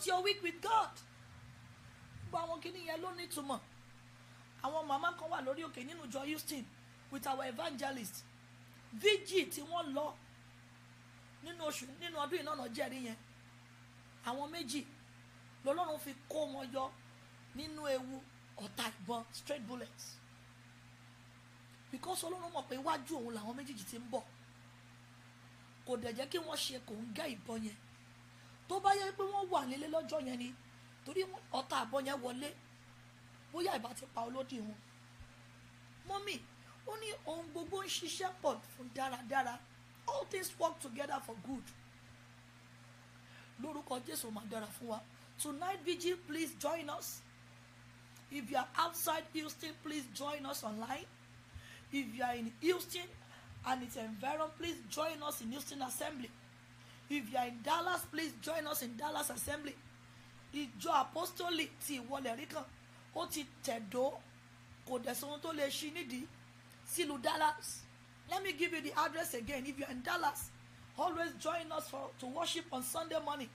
start your week with God gbogbo àwọn kìíní yẹn ló nítumọ̀ àwọn màmá kan wà lórí òkè nínú ìjọ Houston with our evangelist vg tí wọ́n lọ nínú oṣù nínú ọdún ìnáwó jẹ́rìí yẹn àwọn méjì lọ́lọ́run fi kó wọn yọ nínú ewu ọ̀tá ìbọn straight bullets because ọlọ́run mọ̀ pé iwájú òun làwọn méjèèjì ti ń bọ̀ kò dẹ̀ jẹ́ kí wọ́n ṣe kò ń gẹ́ ìbọn yẹn tó bá yẹ pé wọ́n wà nílé lọ́jọ́ yẹn ni torí ọ̀tá àbọ̀ yẹn wọlé bóyá ìbá ti pa olódì wọn mọ́mì ó ní ohun gbogbo ń ṣiṣẹ́ pọ̀ fún dáradára all things work together for good lórúkọ Jésù máa dára fún wa tonight vigil please join us if you are outside Houston please join us online if you are in Houston and its environment please join us in Houston assembly if you are in Dallas please join us in Dallas assembly ìjọ apostolic ti ìwọlẹ̀ rí kan ó ti tẹ̀dó kò dẹ̀sán ohun tó lè ṣí nídìí sílùú Dallas let me give you the address again if you are in Dallas always join us for to worship on Sunday morning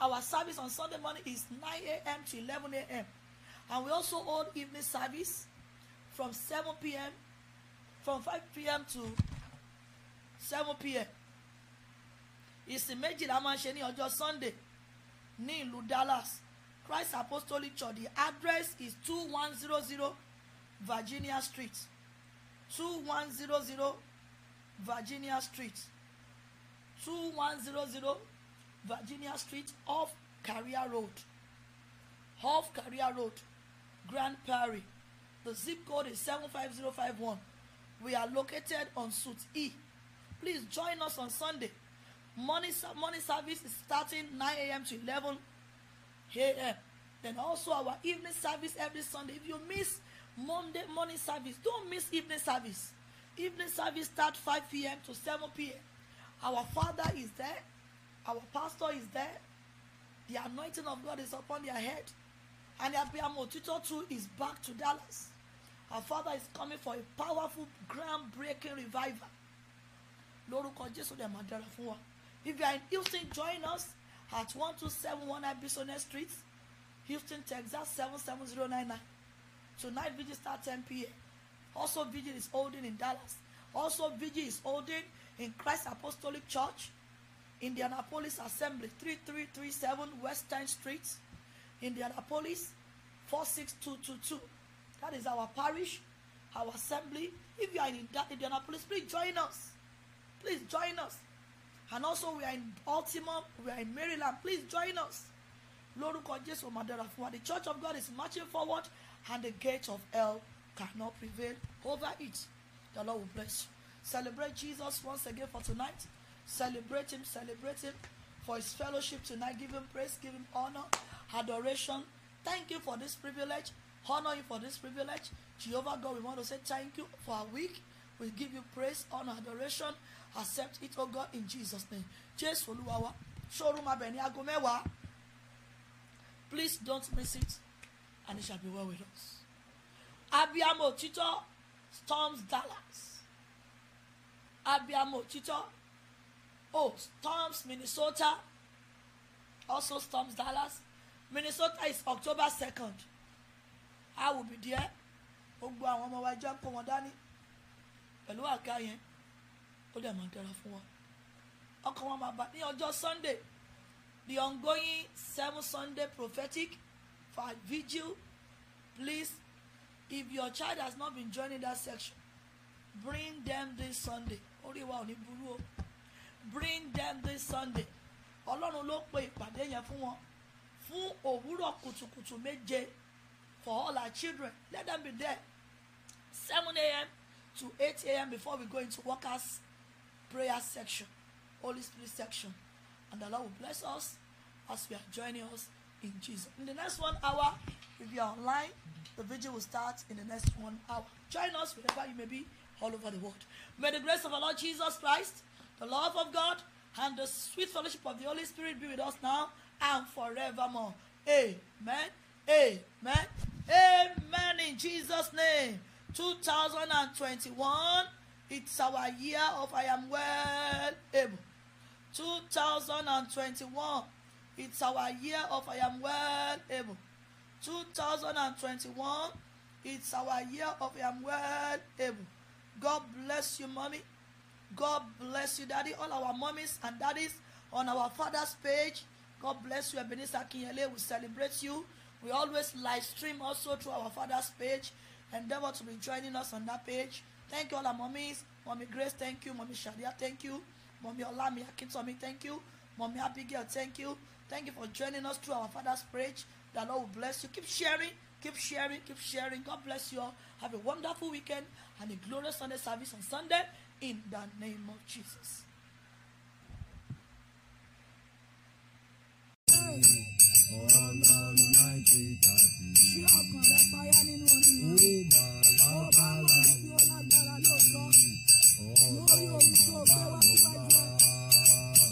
our service on Sunday morning is 9 a.m. to 11 a.m. and we also hold evening service from 7 p.m. from 5 p.m. to 7 p.m ìsìn méjì la máa ń ṣe ní ọjọ́ Sunday ní ìlú Dallas Christ Apostolic Church the address is two one zero zero Virginia Street two one zero zero Virginia Street two one zero zero Virginia Street off Career Road off Career Road Grand Prairie the zip code is seven five zero five one we are located on suite E please join us on Sunday Morning, morning service is starting 9 a.m. to 11 a.m. Then also our evening service every Sunday. If you miss Monday morning service, don't miss evening service. Evening service start 5 p.m. to 7 p.m. Our Father is there. Our pastor is there. The anointing of God is upon their head. And Abiyam Otuto too is back to Dallas. Our Father is coming for a powerful, groundbreaking revival. Lórúkọ Jésù dẹ̀ the dára of wa. If you are in Houston, join us at 12719 Business Street, Houston, Texas 77099. Tonight, vigil starts 10 p.m. Also, vigil is holding in Dallas. Also, vigil is holding in Christ Apostolic Church, Indianapolis Assembly 3337 West 10th Street, Indianapolis 46222. That is our parish, our assembly. If you are in Indianapolis, please join us. Please join us and also we are in Baltimore we are in Maryland please join us lórúkọ Jésù madara fún wa the church of God is marching forward and the gate of hell cannot prevail over it the Lord will bless you celebrate Jesus once again for tonight celebrate him celebrate him for his fellowship tonight give him praise give him honor adoration thank you for this privilege honor you for this privilege Jehovah God we want to say thank you for our week we give you praise honor adoration accept it O oh God in Jesus name Jésù Olúwa wa showroom abẹ ní aago please don't miss it and it shall be well with us abiamọ òtítọ́ storms Dallas abiamọ òtítọ́ oh storms Minnesota also storms Dallas Minnesota is October second I will be there gbogbo àwọn ọmọ wa jẹ́ kó wọn dání pẹ̀lú àga yẹn ó dẹ̀ máa dára fún wa ọkàn wa máa bá ní ọjọ́ sunday the ongoing seven sunday prophetic for vigil please if your child has not been joining that section bring them this sunday orí wa ò ní burú o bring them this sunday ọlọ́run ló pe ìpàdé yẹn fún wọn fún òwúrọ̀ kùtùkùtù méje for all our children let them be there seven a.m. to eight a.m. before we go into workers' prayer section, Holy Spirit section. And the Lord will bless us as we are joining us in Jesus. In the next one hour, if you are online, the video will start in the next one hour. Join us wherever you may be all over the world. May the grace of our Lord Jesus Christ, the love of God, and the sweet fellowship of the Holy Spirit be with us now and forevermore. Amen. Amen. Amen. In Jesus' name. 2021. It's our year of I am well able. 2021. It's our year of I am well able. 2021. It's our year of I am well able. God bless you, mommy. God bless you, daddy. All our mommies and daddies on our father's page. God bless you, Ebenezer Kinyele. We celebrate you. We always live stream also through our father's page. Endeavor to be joining us on that page. Thank you all our mummies. Mommy Grace, thank you. Mommy Shadia, thank you. Mommy Olami Akintomi, thank you. Mommy Abigail, thank you. Thank you for joining us through our Father's Bridge. The Lord will bless you. Keep sharing, keep sharing, keep sharing. God bless you all. Have a wonderful weekend and a glorious Sunday service on Sunday in the name of Jesus. Ṣé oh, lórí ohun tó gbé wá síwájú ẹ.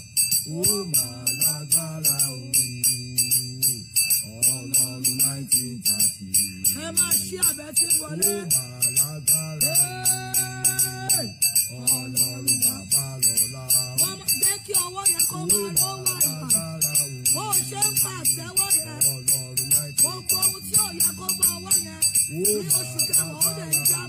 ó máa lágbára òní ọlọ́run nineteen thirty. ẹ máa ṣí àbẹ tí ń wọlé. ó máa lágbára ọlọ́run bàbá lọ́la. wọ́n jẹ́ kí ọwọ́ yẹn kó máa lọ́wọ́ ìgbà. bó o ṣe ń pa àtẹ́wọ́ yẹn. gbogbo ohun tí ò yẹ kó bá ọwọ́ yẹn. ní oṣù kẹwàá ó lè já.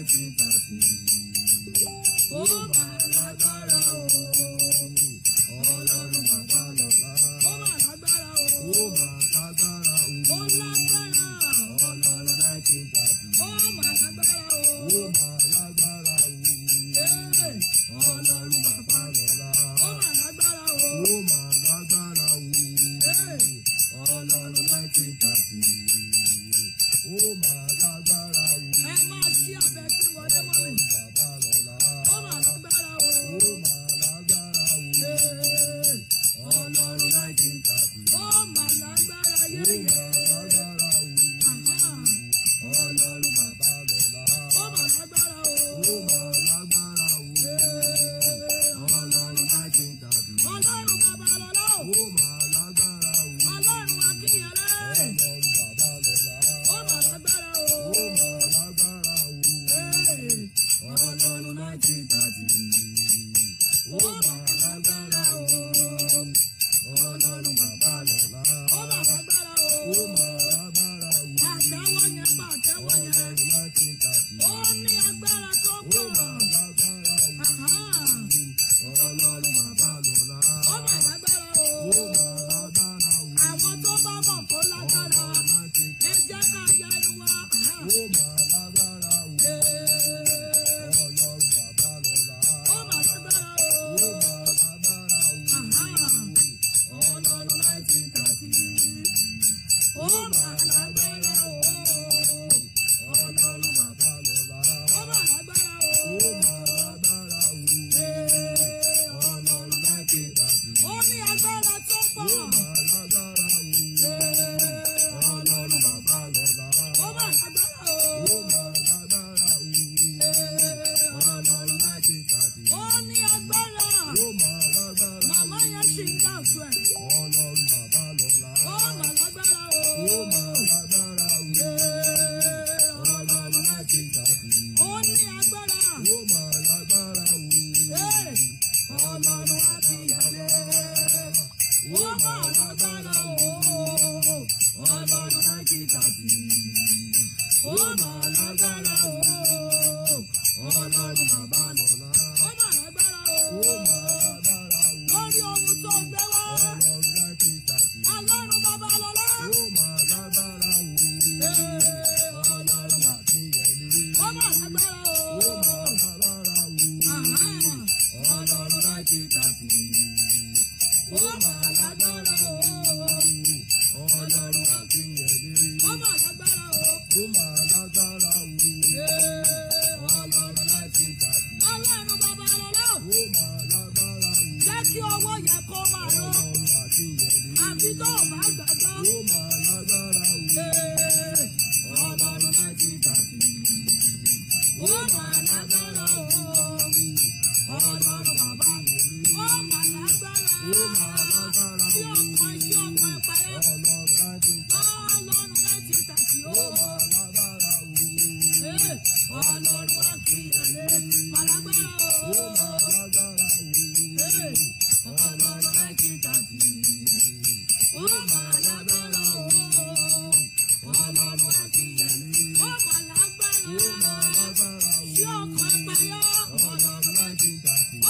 Oh my God! máa lágbára o. 哇。tí ọkọ̀ apayọ́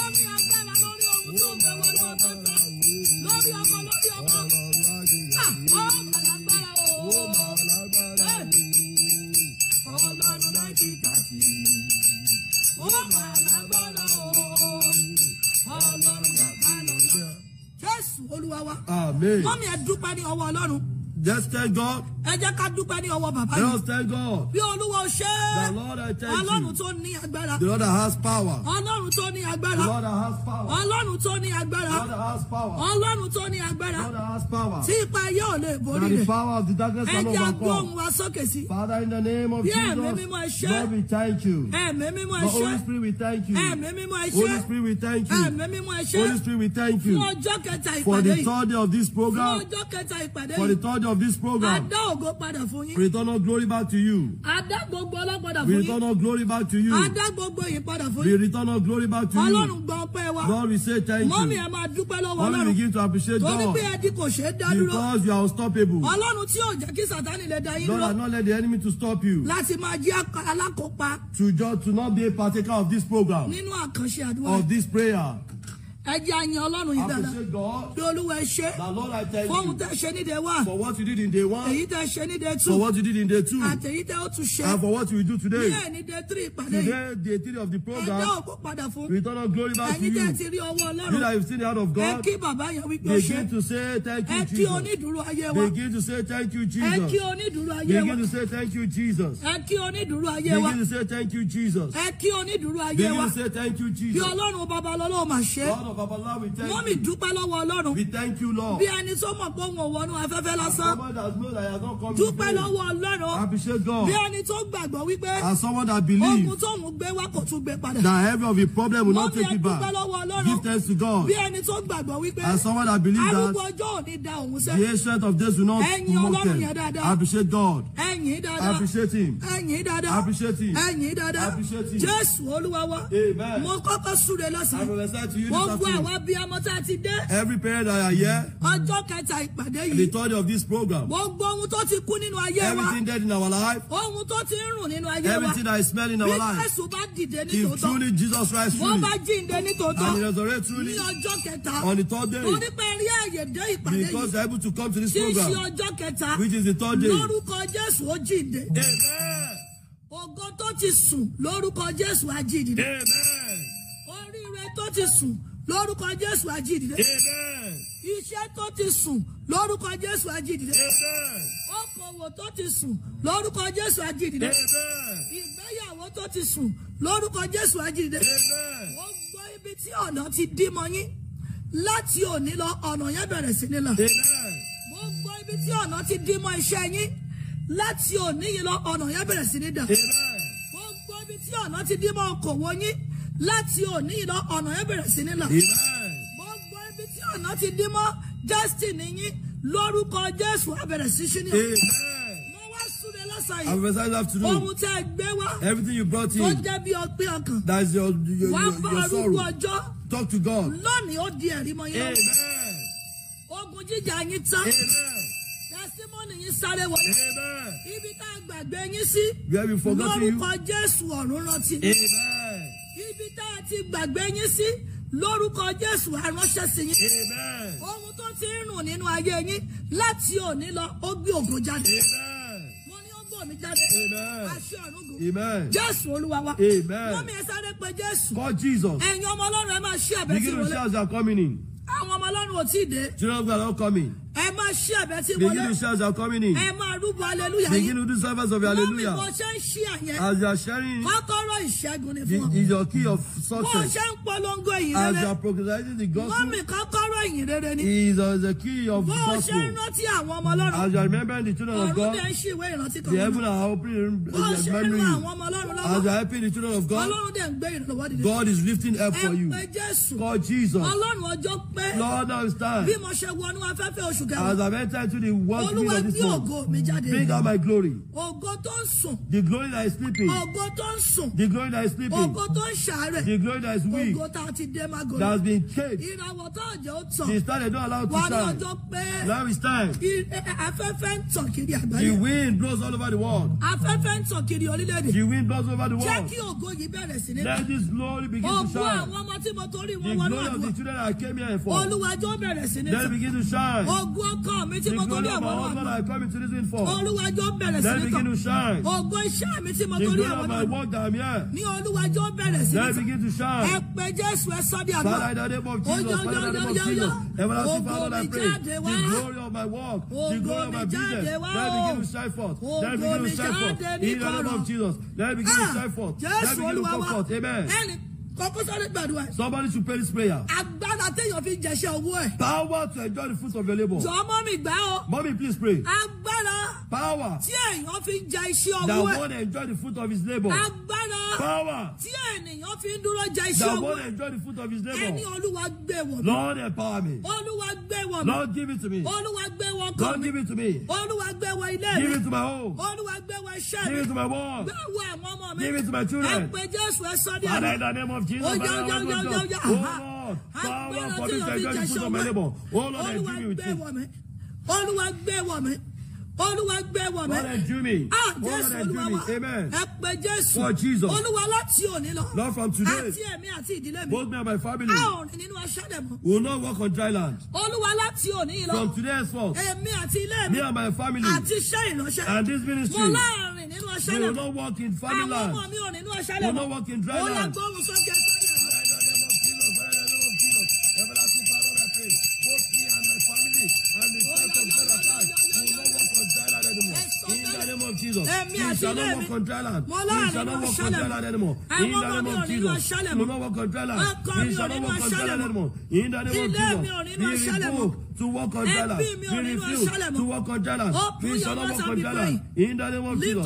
omi agbára lórí ohun tó ń bẹ wọlé ọkọ̀ gbọ́ lórí ọkọ̀ lórí ọkọ̀ àpò alágbára o ọlọ́run láti kàfí ó Just thank God ẹ jẹ́ ká dúpẹ́ ní ọwọ́ bàbá yìí. just thank God. bí olúwa ṣe. the Lord I thank you. ọlọ́run tó ní agbára. the Lord has power. ọlọ́run tó ní agbára. the Lord has power. ọlọ́run tó ní agbára. the Lord has power. ọlọ́run tó ní agbára. the Lord has power. tí ipa yóò lè borí rẹ̀. the power of the darkness can overcome. ẹ jẹ́ gbóhùn wa sókè sí. Father in the name of Jesus. ẹ̀mí mímọ́ ẹ̀ṣẹ́. Lord we thank you. ẹ̀mí mímọ́ ẹ̀ṣẹ́. Holy Spirit we thank you. ẹ̀mí mímọ́ ẹ̀ṣẹ́. Holy Spirit we thank you. ẹ̀mí mímọ́ ẹ̀ṣẹ́. Holy Spirit we thank you. fún ọjọ́ kẹta ìpàdé yìí. for the third day of this program. fún ọjọ́ kẹta ìpàdé yìí. for the third day of this program. adá ògo padà fún yín. return all glory back to you. a dá gbogbo ọlá padà fún yín. return all glory back to you. a gbogbo yìí padà fún yín. return all glory back to you. ọlọ́run gbọ́ pẹ́ wa. God we say thank you. mọ́mí ẹ máa dúpẹ́ lọ́wọ́ ọlọ́run. mọ́mí begin to appreciate God. torí pé ẹ kò ṣe é dá dúró. because you are unstoppable. ọlọ́run tí yóò jẹ́ kí sàtánì lè dá yín lọ. Lord, not let the enemy to stop you. láti máa jẹ́ alákòópa. to just to not be a partaker of this program. nínú àkànṣe àdúrà. of this prayer ẹ jẹ́ àyàn ọlọ́run yìí dáadáa bí olúwa ẹ ṣe fóun tẹ ṣe ní day one èyí tẹ ṣe ní day two àtẹ̀yí tẹ ó tún ṣe ní ẹni day three ìpàdé yìí ẹ dá òkú padà fún ẹ̀yin tẹ ti rí ọwọ́ ọlọ́run ẹ kí bàbá yẹn wípé ó ṣe ẹ kí onídùúró ayé wa ẹ kí onídùúró ayé wa ẹ kí onídùúró ayé wa ẹ kí onídùúró ayé wa bí ọlọ́run bàbá ọlọ́run mà ṣe. Lord of our Lord, we thank you. Mú dúpẹ́ lọ́wọ́ Ọlọ́run. We thank you, Lord. Bí ẹni tó mọ̀ pé òun ò wọnú afẹ́fẹ́ lásán. come to Dúpẹ́ lọ́wọ́ Ọlọ́run. Appreciate God. Bí ẹni tó gbàgbọ́ wípé. And someone that believes. Ogun tóun gbé wá kò tún gbé padà. That every of the problem will not take it back. Mú mi dúpẹ́ lọ́wọ́ Ọlọ́run. Give thanks to God. Bí ẹni tó gbàgbọ́ wípé. And someone that believes that. Arúgbó ọjọ́ ò ní da òun sẹ́. The ancient of days will not mock them. Ẹyin Ọlọ́run yẹn dáadáa. Appreciate God. Ẹyin dáadáa. Appreciate him. Ẹyin dáadáa. Appreciate him. Ẹyin dáadáa. Appreciate him. Jésù Olúwa wa. Amen. Mo kọ́kọ́ súre lọ́sàn-án. I will recite to you this afternoon. Gbogbo àwa bí ọmọ tá a ti dé. Every parent that I hear Ọjọ́ kẹta ìpàdé yìí. The third of this program. Gbogbo ohun tó ti kú nínú ayé wa. Everything dead in our life. Ohun tó ti rùn nínú ayé wa. Everything that is smell in our life. Bí Jésù bá dìde ní tòótọ́. If truly Jesus Christ, truly. Wọ́n bá jíǹde ní tòótọ́. And he resurrect truly. Ní ọjọ́ kẹta. On the third day. Torí pé àyè dé ìpàdé yìí. Because they are able to come to this program. Tí ọjọ́ kẹta. Which is the third day. Lórúkọ Jésù ó jíǹde. Amen. tó ti sùn lórúkọ Jésù á jíǹde. Oríire tó ti sùn lórúkọ Jésù ajídìde. Iṣẹ́ tó ti sùn lórúkọ Jésù ajídìde. Okòwò tó ti sùn lórúkọ Jésù ajídìde. Ìgbéyàwó tó ti sùn lórúkọ Jésù ajídìde. Ó gbọ́ ibi tí ọ̀nà ti dí mọ́ yín láti òní lọ ọ̀nà yẹn bẹ̀rẹ̀ sí ní là. Mo gbọ́ ibi tí ọ̀nà ti dí mọ́ iṣẹ́ yín láti òní yìí lọ ọ̀nà yẹn bẹ̀rẹ̀ sí ní dà. Mo gbọ́ ibi tí ọ̀nà ti dí mọ́ okòwò yín láti òní ìlọ ọ̀nà yẹn bẹ̀rẹ̀ sí ní là. gbogbo ibi tí ọ̀nà ti dín mọ́ destiny yín lórúkọ jésù abẹ̀rẹ̀ sí sí ní ọ̀nà side. I prophesy this afternoon. Ohun tí Everything you brought in. That is your your your, your sorrow. Talk to God. Lónìí ó di ẹ̀rí mọ́ yẹn. Amen. Ogun jíjà yín tán. Amen. Testimony yín sáré wọlé. Amen. Ibi tá a gbàgbé yín sí. Where we forgot you. Lórúkọ Jésù ọ̀run Amen ibi tá a ti gbàgbé yín sí lórúkọ jésù aránṣẹ́ sí yín ohun tó ti ń rùn nínú ayé yín láti òní lọ ó gbé ògo jáde mo ní ó gbòmí jáde aṣọ àrùngùn jésù olúwa wa mọ́mí ẹ sáré pé jésù ẹ̀yin ọmọ ọlọ́run ẹ máa ṣí ẹ̀bẹ̀ sí wọlé àwọn ọmọ ọlọ́run ò tí ì dé. children Ẹ máa ṣí ẹ̀bẹ̀ tí wọlé. Begin to shout your coming in. Ẹ máa rúbọ hallelujah. Begin to do service of your hallelujah. Mọ́mí mo ṣe ń ṣí àyẹn. As you are sharing. Kọ́kọ́rọ́ ìṣẹ́gun ni fún ọ. Is your key of success. Mo ṣe ń polongo ìyìn rere. As you are proclaiming the gospel. Mọ́mí kọ́kọ́rọ́ ìyìn rere ni. Is the key of gospel. Bó ṣe ń rántí àwọn ọmọ ọlọ́run. As you are remembering the children of God. Ọ̀run dẹ̀ ń ṣí ìrántí kan. The heaven are opening the memory. As you are helping the children of God. God is lifting help for you. Ẹ Call Jesus. Lord, now it's Bí mo ṣe wọnú afẹ́fẹ́ oṣù ṣúgà. as I enter into the world field of this world. bring out my glory. ògo tó ń sùn. the glory that is sleeping. ògo tó ń sùn. the glory that is sleeping. ògo tó ń ṣàárẹ̀. the glory that is weak. ògo tá a ti dé magoro. that has been caged. ìràwọ̀ tó ọjọ́ ó the star they don't allow to shine. wà á lọ́jọ́ pé. now it's time. E, e, afẹ́fẹ́ ń tàn kiri àgbáyé. the wind blows all over the world. afẹ́fẹ́ ń tàn kiri orílẹ̀-èdè. the wind blows over the world. jẹ́ kí ògo yìí bẹ̀rẹ̀ sí ní. let this glory begin to shine. ògo àwọn ọmọ tí mo torí wọn wọnú àdúrà. the glory of the children I came here for. olúwa bẹ̀rẹ̀ sí ní. let it begin to shine. ògo ogun ọkọ mi tí mo torí ẹ̀wọ̀n náà gbà. olúwàjọ bẹ̀rẹ̀ sí ní tọ̀. ògo iṣẹ́ mi tí mo torí ẹ̀wọ̀n náà gbà. ní olúwàjọ bẹ̀rẹ̀ sí ní tọ̀. ẹ pé jésù ẹ sọ bí àgbà. ojoojojojojojọ ògo mi jáde wá. ògo mi jáde wá o. ògo mi jáde ní kọ̀rọ̀. Ah! jésù olúwa wa ẹnì compulsory gbàdúrà. somebody should pray this prayer. agbára téèyàn fi jẹ̀ṣẹ̀ owó ẹ̀. power to enjoy the fruits of your labour. jọ mọ́mì gbá o. mọ́mì please pray. agbára power. tí èèyàn fi ń jẹ iṣẹ́ ọwọ́ ẹ̀. that won't enjoy the fruit of his labour. agbára. power. tí ènìyàn fi ń dúró jẹ iṣẹ́ ọwọ́. that won't enjoy the fruit of his labour. ẹni olúwa gbé wọ̀ mí. lord empower me. olúwa gbé wọ̀ mí. lord give it to me. olúwa gbé wọ ọkọ mi. lord give it to me. olúwa gbé wọ ilé mi. give it to my home. olúwa gbé wọ iṣẹ́ mi. give it to my work. gbé wọ àwọn ọmọ mi. give it to my children. ẹ pé jésù ẹ sọ ní ẹnu. father in the name of jesus. ó yá ó yá ó yá ó yá. oh, oh lord power for this enjoy the fruit of my labour. oh lord i give you with you. olúwa gbé wọ̀ mí. olúwa gbé wọ̀ mí olúwa gbé wọ̀ mẹ́. God endue me. ah jésù olúwa wa amen. jésù. for Jesus. olúwa láti òní lọ. Lord from today. àti èmi àti ìdílé mi. both me and my family. a ò rìn nínú aṣálẹ̀ mọ́. we will not work on dry land. olúwa láti òní lọ. from today henceforth. èmi àti ilé mi. me and my family. àti iṣẹ́ ìránṣẹ́. and this ministry. mo láàrin nínú aṣálẹ̀ mọ́. we will not work in family land. àwọn ọmọ mi ò rìn nínú aṣálẹ̀ mọ́. we will not work in dry land. ó yà gbóhùn sókè Jesus. You shall not walk on dry land. You shall not walk on dry land anymore. In the name of Jesus. You will not walk on dry land. You shall not walk on dry land anymore. In the name of Jesus. Be revoked to walk on jealous. Be oh, refused to oh. walk on jealous. Be not walk on jealous. In the name of Jesus.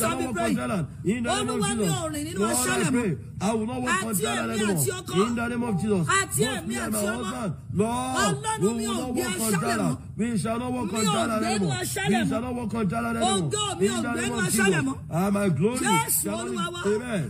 shall not walk on jealous. In the name of Jesus. Lord, I pray. I will not walk on jealous anymore. In the name of Jesus. Both me and my husband. Lord, we will not walk on jealous. We shall not walk on jealous anymore. We shall not walk on jealous anymore. In the name of Jesus. And ah, my glory shall not be. Amen.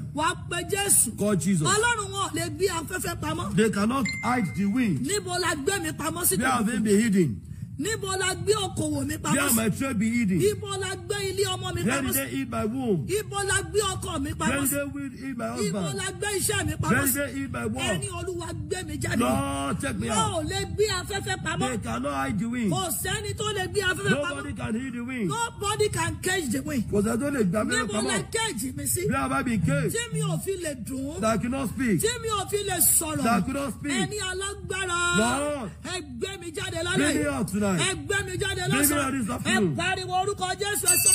God Jesus. Ọlọ́run wọn lè bí afẹ́fẹ́ pamọ́. They cannot hide the wind. Níbo la gbé mi pamọ́ sí tòun? be hidden Níbo la gbé okòwò mi pamọ́ sí? There my trade be eating. Ibo la gbé ilé ọmọ mi pamọ́ sí? Where they eat my womb? Ibo la gbé ọkọ mi pamọ́ sí? Where did they eat my husband? Ibo la gbé iṣẹ́ mi pamọ́ sí? Where they eat my work? Ẹni Olúwa gbé mi jáde. Lord check me out. Wọ́n ò lè gbé afẹ́fẹ́ pamọ́. They cannot hide the wind. Kò sẹ́ni tó lè gbé afẹ́fẹ́ pamọ́. Nobody can hide the wind. Nobody can catch the wind. Kò sẹ́ni tó lè gbà mí pamọ́. Níbo la cage mi sí? Bí a bá mi cage. Tí mi ò fi lè dùn. That I cannot speak. Tí mi ò fi lè sọ̀rọ̀. That I cannot speak. Ẹni alágbára. Lord. Ẹ gbé mi jáde lálẹ́. Bring tonight. Ẹ gbé mi jáde lọ́sàn-án. Ẹ pariwo orúkọ Jésù ẹ̀sọ́.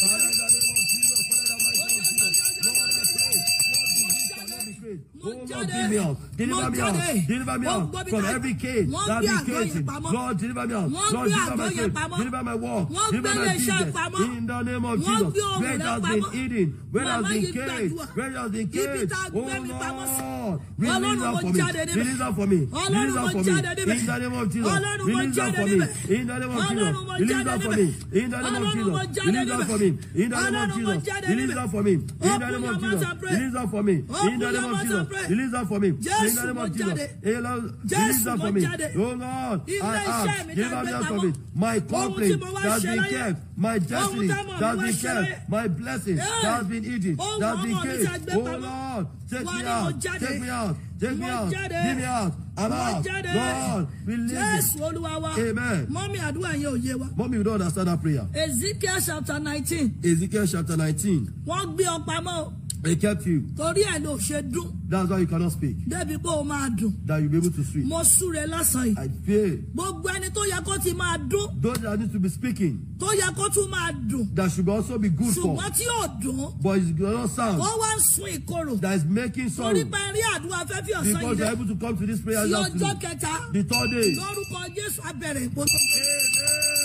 Who will me out? Deliver me out. Deliver me out from every cage that be caging. Lord, deliver me out. Lord, deliver my faith. Deliver my walk. Deliver my business. In the name of Jesus. Where has been eaten? Where has been caged? Where has been caged? Oh Lord, release that for me. Release that for me. Release that for me. In the name of Jesus. Release that for me. In the name of Jesus. Release that for me. In the name of Jesus. Release that for me. In the name of Jesus. Release that for me. In the name of Jesus. Release that for me. In the name of Jesus pray. Release that for me. Jesus, mo jáde. Jésù mo jáde. Oh Lord, I ask. Give up that for me. My complaint that's been kept. My destiny that's been kept. My blessing that's been eaten. That's been kept. Oh Lord, take me out. Take me out. Take me out. Give me out. Amen. Mọ́mí àdúrà yẹn ò yé wa. don't understand that prayer. Ezekiel chapter nineteen. Ezekiel chapter nineteen. Wọ́n gbé ọ pamọ́. They kept you. Torí ẹ̀ ló ṣe dún. That's why you cannot speak. Débi pé o máa dùn. That you be able to speak. Mo súre lásán yìí. I fear. Gbogbo ẹni tó yẹ kó ti máa dún. Those that need to be speaking. Tó yẹ kó tún máa dùn. That should also be good for. Ṣùgbọ́n tí ò dùn. But it cannot sound. Ó wá ń sun ìkorò. That is making sorrow. Torí pé rí àdúrà fẹ́fẹ́ ọ̀sán yìí. Because you are able to come to this prayer Ti ọjọ́ kẹta. The third day. Lórúkọ Jésù abẹ̀rẹ̀ ìpọ́sọ̀.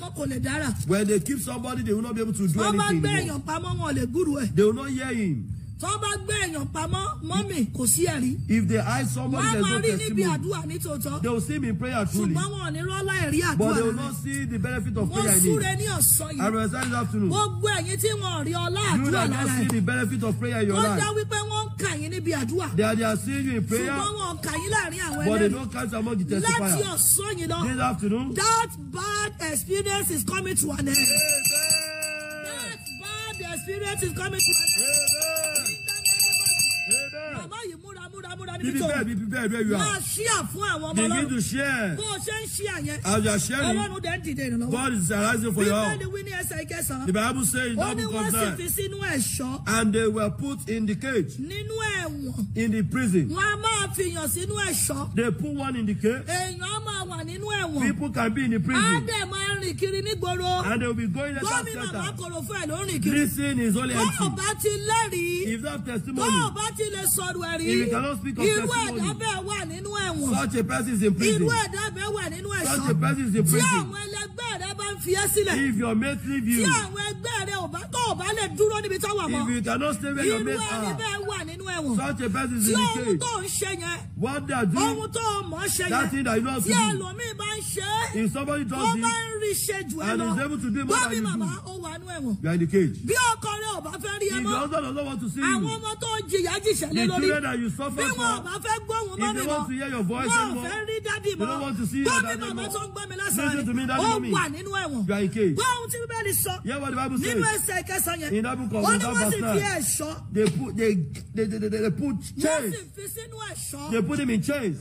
pamọ́ kò lè dára. when they keep somebody they will not be able to do anything. wọ́n bá gbé èèyàn pamọ́ wọn lè gúrú ẹ̀. they will not hear him. tó bá gbé èèyàn pamọ́ mọ́mì kò sí ẹ̀rí. if they hide somebody there is no testimony. wọ́n máa rí níbi àdúrà nítòótọ́. they will see me in prayer truly. ṣùgbọ́n wọn ò ní rọ́lá ẹ̀rí àdúrà but they will not see the benefit of prayer in it. wọ́n súre ní ọ̀sán yìí. I will resign this afternoon. gbogbo ẹ̀yin tí wọn rí ọlá àdúrà lára ẹ̀. you will not see the benefit of prayer in your life. wọ́n kà níbi àdúrà. They are, they are seeing you in prayer. Ṣùgbọ́n wọn kà yín àwọn ẹlẹ́rìí. But they don't count among the testifier. Láti ọ̀sán yìí lọ. This afternoon. That bad experience is coming to an end. That bad experience is coming to an end múra níbi tó. bíbí bẹ́ẹ̀ bíbí bẹ́ẹ̀ bẹ́ẹ̀ yọ. máa ṣíà begin to share. bó o ṣe ń as you sharing. God is arising for you all. bíbélì wí ní ẹsẹ̀ ìkẹsàn the bible say in double concern. ó ní and they were put in the cage. in the prison. wọ́n á máa fi yàn sínú ẹ̀ṣọ́. they put one in the cage. people can be in the prison rìn kiri nígboro. and they will be going out after that. gómìnà Kòròfo ẹ̀ ló rìn kiri. listen is only empty. bọ́ọ̀ bá ti lẹ́rìí. if that testimony. bọ́ọ̀ bá ti lè sọ̀rọ̀ ẹ̀rí. if you cannot speak of testimony. irú ẹ̀dá bẹ́ẹ̀ wà nínú ẹ̀wọ̀n. such a person is in prison. irú ẹ̀dá bẹ́ẹ̀ wà nínú ẹ̀ṣọ́. such a person is in prison. tí àwọn ẹlẹgbẹ́ rẹ bá fi sílẹ̀. if your mate leave you. tí àwọn ẹgbẹ́ rẹ ò bá tó ò bá lè dúró níbi tó wà mọ́. if you cannot stay where your mate are. irú ẹni bẹ́ẹ̀ wà nínú ẹ̀wọ̀n. such a person is in the cage. tí ohun tó ń ṣe yẹn. what they are doing. ohun tó mọ̀ ṣe yẹn. that thing that you don't see, to tí ẹlòmíì bá ń ṣe if somebody does it. ń rí ṣe jù ẹ lọ. and is able to do more than you do. bọ́bí màmá ó wà nínú ẹ̀wọ̀n. you are in the cage. bí ọkọ rẹ ò bá fẹ́ rí ẹ mọ́. if your husband doesn't want to see you. àwọn ọmọ tó ń jìyà jìṣẹ́ lé lórí. that you suffer for. if they want to hear your voice anymore. they don't want to see your anymore. bọ́bí màmá tó ń gbọ́ to me wọn. you are engaged. gbọ́ ohun tí bíbélì sọ. hear what the bible says. in that book of John they put they they they they, they put chains. they put him in chains.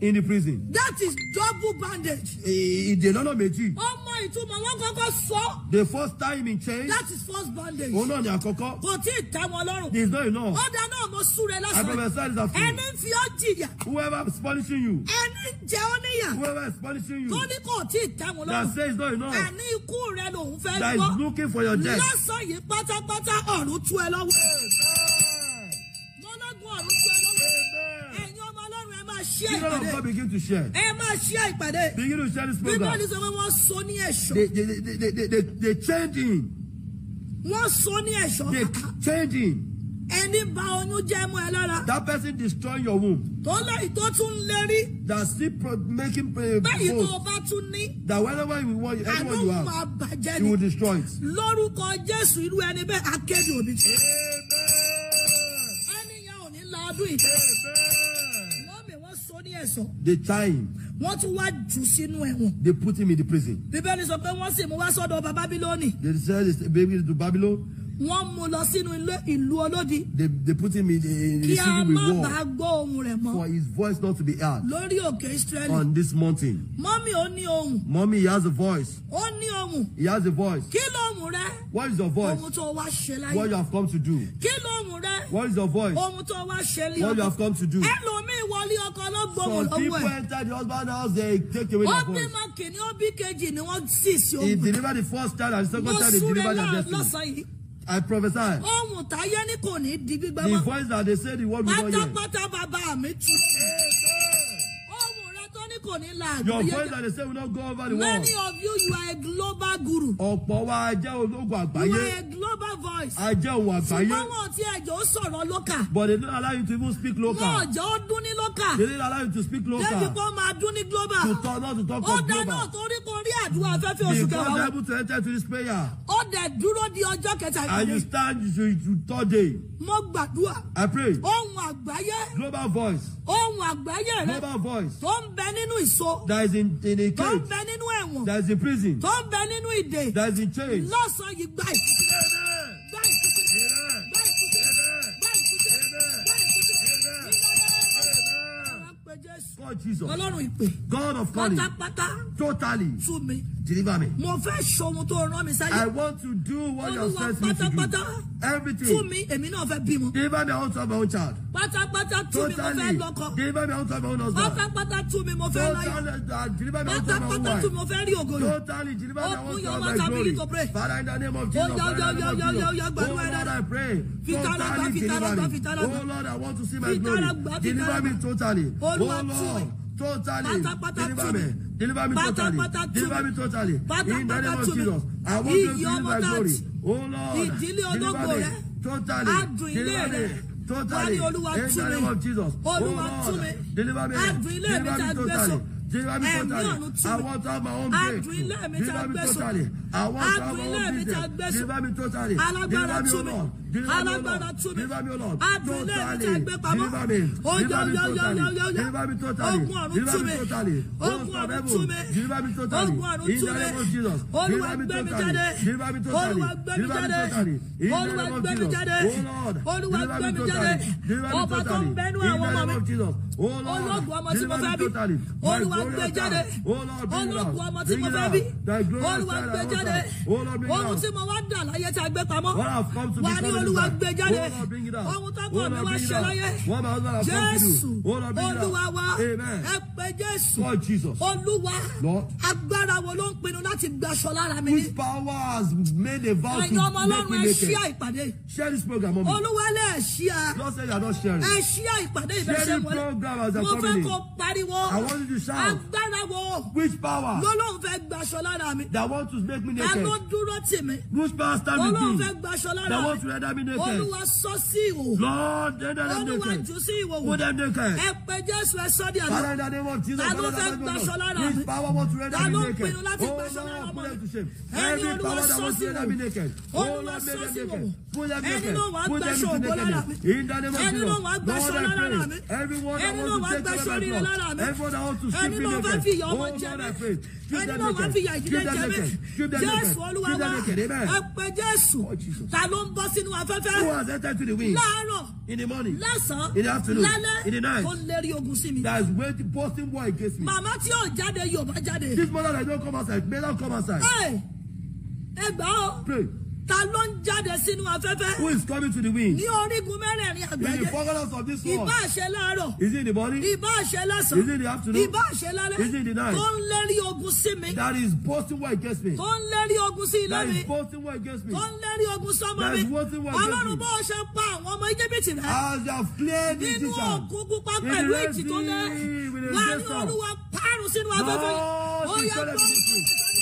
in the prison. that is double bandage. ìdè eh, eh, lọ́nà méjì. ọmọ ìtumọ̀ wọn kọ́kọ́ sọ. the first time in chains. that is first bandage. Oh no, ni àkọ́kọ́. kò tí ì tẹ́ wọn it is not enough. Oh, dáná mo súre lọ́sàn-án. àgbẹ̀bẹ̀sẹ̀ is afraid. ẹni fi ó jìyà. whoever is punishing you. And jẹ́ ó níyà. whoever is punishing you. tó ní kò tí say it's not enough. ikú rẹ lòun fẹ́ gbọ́. That is looking for your death. Lọ́sàn yìí pátápátá ọ̀run tú ẹ lọ́wọ́. Mọ́lọ́gùn ọ̀run tú ẹ lọ́wọ́. Ẹ̀yin ọmọ Ọlọ́run ẹ máa ṣí ìpàdé. Children of God begin to share. Ẹ máa ṣí ìpàdé. Begin to share this program. Bíbélì sọ pé wọ́n so ní ẹ̀ṣọ́. They they they they they change him. Wọ́n so ní ẹ̀ṣọ́. They change him. Ẹni bá oyún jẹ́ mọ́ ẹ lára. That person destroy your womb. Tó lè tó tún lérí. That still making pray. Eh, Bẹ́ẹ̀ni tó o bá tún ní. That whenever you want anyone you have. Àdó máa bàjẹ́ ni. You will destroy it. Lórúkọ Jésù irú ẹni bẹ́ẹ̀ akéde òbí Ẹni yẹn ò ní lọ́dún yìí. Lọ́mì wọ́n so ní ẹ̀sọ́. The time. Wọ́n tún wá jù sínú ẹ̀wọ̀n. They put him in the prison. Bíbélì sọ pé wọ́n sì mú wá sọ́dọ̀ bàbá They said the baby to Babylon wọ́n mú lọ sínú ìlú olódi. they they put him in a in a city with war. kí a má bàa gbọ́ ohùn rẹ̀ mọ́. for his voice not to be heard. lórí òkè israeli. on this mountain. mọ́mí ó ní ohùn. mọ́mí he has a voice. ó ní ohùn. he has a voice. kí lóhùn rẹ. what is your voice. ohun tó wá ṣe láyé. what you have come to do. kí lóhùn rẹ. what is your voice. ohun tó wá ṣe lé ọkọ. what you have come to do. ẹlòmíì wọlé ọkọ lọ́gbọ̀n lọ́wọ́ ẹ̀. some people enter the husband house they take away their voice. ó bímọ kìnìún bí kejì ni wọ́n sì sí ohun. he delivered the first child and the second child he delivered their destiny. mo súre náà lọ́sàn-án yìí. I prophesy. Ohun táyé ní kò ní di gbígbẹ́ mọ́. The voice that they say the word we not hear. Pátápátá bàbá mi tu. Your voice that they say will not go over the world. Many of you you are a global guru. Ọ̀pọ̀ wa jẹ́ ológun àgbáyé. You are a global ajẹ́ òun àgbáyé. ṣùgbọ́n wọn ti ẹ̀jọ̀ sọ̀rọ̀ lókà. but they don't allow you to even speak local. wọn ọ̀jọ̀ dún ní lókà. they don't allow you to speak local. débi kó máa dún ní global. to talk not to talk of global. ó dáná torí kò rí àdúrà afẹ́fẹ́ oṣù kẹwàá. because bible tell tell to this prayer. ó dẹ̀ dúró di ọjọ́ kẹta and you stand to to third day. mo gbàdúrà. I pray. ohun àgbáyé. global voice. ohun àgbáyé rẹ. global voice. tó ń bẹ nínú ìso. that is in in a cage. tó ń bẹ nínú ẹ̀wọ̀n. that is in prison. tó ń bẹ nínú ìdè. that is in chains. lọ́sàn-án yìí gbà ìkíkí. Jesus. God of calling. Totally. Tú mi deliver me. mo fẹ́ ṣohun tó rán mi sáyé. I want to do what you have sent me to do. pátápátá everything. fún mi èmi náà fẹ́ bímọ. deliver me out of my own child. pátápátá tú mi mo fẹ́ lọ́kọ. deliver me out of my own husband. pátápátá tú mi mo fẹ́ láyọ̀. Uh, pátápátá tú mi mo fẹ́ rí ògo totally deliver me out of my own glory. Father in the name of Jesus. oya oya oya oya oya gbàdúrà rẹ. Oh, oh Lord I pray. fitara gba fitara gba fitara gba. Oh Lord I want to see my glory. deliver me totally. Oh Lord totally. Deliver me. Deliver me totally. Deliver me totally. In the name of Jesus. I want to feel my glory. Oh Lord. Deliver me totally. Deliver me totally. In the name of Jesus. Oh Lord. Deliver me. Deliver me totally. Deliver me totally. I want to have my own brain. Deliver me totally. I want to have my own business. Deliver me totally. Deliver me, O alágbára tú mi abúlé mi jẹ́ gbé pamọ́ oyè oyè oyè oyè oyè ogun ọ̀run tú mi ogun ọ̀run tú mi ogun ọ̀run tú mi olúwa gbé mi jáde olúwa gbé mi jáde olúwa gbé mi jáde olúwa gbé mi jáde ọba tó ń bẹnu àwọn ọmọ mi ológun ọmọ tí mo fẹ́ bí olúwa gbé jáde ológun ọmọ tí mo fẹ́ bí olúwa gbé jáde ohun tí mo wá dà láyé tá a gbé pamọ́ wà ní olúwa gbé jáde ohun tó kọ̀ mi wá ṣe láyé jésù olúwa wa ẹ pé jésù olúwa agbára wo ló ń pinnu láti gbaṣọ lára mi. whose power has made a vow to make me naked. ẹ̀yin ọmọ ọlọ́run ẹ ṣí àìpàdé. share this program mọ́mi. olúwa lè ṣí a. lọ sẹ́yìn sharing. ẹ ṣí àìpàdé ìbẹ̀ṣẹ̀ wọlé. share this program as a family. mo fẹ́ kó pariwo. I want you to shout. agbára wo. which power. lọ́lọ́run fẹ́ gbaṣọ lára mi. that want to make me naked. ta ló dúró tì mí. whose power stand with me. lọ́lọ́run fẹ́ gbaṣọ lára mi. that want to dẹ́mídékẹ́. olúwa sọ sí ìwò. lord dé dẹ́mídékẹ́. olúwa jù sí ìwò wò. dẹ́mídékẹ́. ẹ pé jésù ẹ sọ di àná. father in the name of jesus father in the name of jesus his power was to render oh, me naked. olúwa put them to shame. ẹni olúwa sọ sí ìwò. olúwa sọ sí ìwò. ẹni ló wà gbàṣọ ògbó lára mi. ẹni ló wà gbàṣọ lára mi. ẹni ló wà gbàṣọ rírẹ lára mi. ẹni ló wà fi ìyá ọmọ jẹ mi. ẹni ló wà fi ìyá ìdílé jẹ mi. jésù olúwa wa ẹ pé jésù ta ló ń bọ́ sínú afẹ́fẹ́. who has entered to the wind. láàárọ̀. in the morning. lọ́sàn-án. in the afternoon. lálẹ́. in the night. ó lérí ogun sí mi. that is when the boasting war against me. màmá tí yóò jáde yóò bá jáde. this mother that don come outside may not come outside. ẹ ẹ gbà ó. pray. Ta ló ń jáde sínú afẹ́fẹ́? Who is coming to the wind? Ní orígun mẹ́rẹ̀ẹ̀rin àgbáyé. In the forerunners of this world. Ìbá àṣẹ láàárọ̀. Is it in the morning? Ìbá àṣẹ lọ́sàn Is it in the afternoon? Ìbá àṣẹ lálẹ́. Is it in the night? Tó ń lérí ogun sí mi. That is boasting war against me. Tó ń lérí ogun sí ilé mi. That is boasting war against me. Tó ń lérí ogun sọ́mọ mi. That is boasting war against me. Ọlọ́run bó ṣe pa àwọn ọmọ Íjíbítì rẹ̀. As you have cleared the teacher. Nínú òkú pupa pẹ̀lú ìjì tó lẹ́. Láàárín olúwa párùn sínú afẹ́fẹ́ yìí. Ó yẹ kó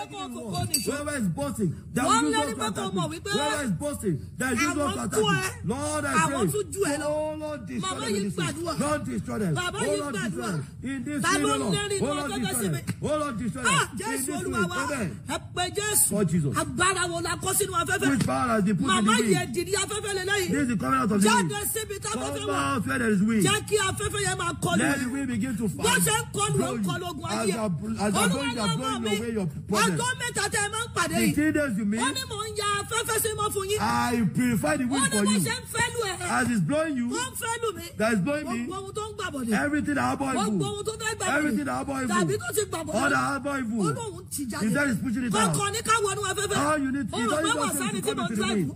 pé kò kò kò nìṣó. wẹ́wẹ́ is boasting. wọ́n lé ní pé kò mọ̀ wípé wẹ́wẹ́ is boasting. that you don't contact me. lord i say àwọn tún ju Don't lọ. oh lord destroy them. bàbá yìí gbàdúrà. lord destroy them. bàbá yìí gbàdúrà. in this way lord oh lord destroy them. oh lord destroy them. ah jésù olúwa wa ẹ pé jésù. agbára wo la kó sínú afẹ́fẹ́. which power has been put in the wind. màmá yẹ dìdí afẹ́fẹ́ lè lẹ́yìn. this is the covenant of the wind. jáde síbi tá afẹ́fẹ́ wà. come out where there is wind. jẹ́ kí afẹ́fẹ́ yẹn máa kọlu. let the wind begin to fall. bó ṣe ń kọlu ó ń kọlu ogun ayé. as you are as you are going you are going your way your problem aago mẹ́ta tẹ́ ẹ máa ń the three you meet. ó ní mò ń ya afẹ́fẹ́ sí mọ́ fún yín. I purify the wind for you. ó ní mo ṣe ń fẹ́ lù ẹ̀. as it's blowing you. ó fẹ́ lù mí. that is blowing me. gbogbo ohun tó ń gbàbọ̀dẹ̀. everything that harbor evil. gbogbo ohun tó fẹ́ gbàbọ̀dẹ̀. everything that harbor evil. tàbí tó ti gbàbọ̀dẹ̀. all that harbor evil. ó lóun ti jáde. he said he's pushing it down. kọ̀ọ̀kan ní ká wọnú afẹ́fẹ́. all you need to do is just come to the wind.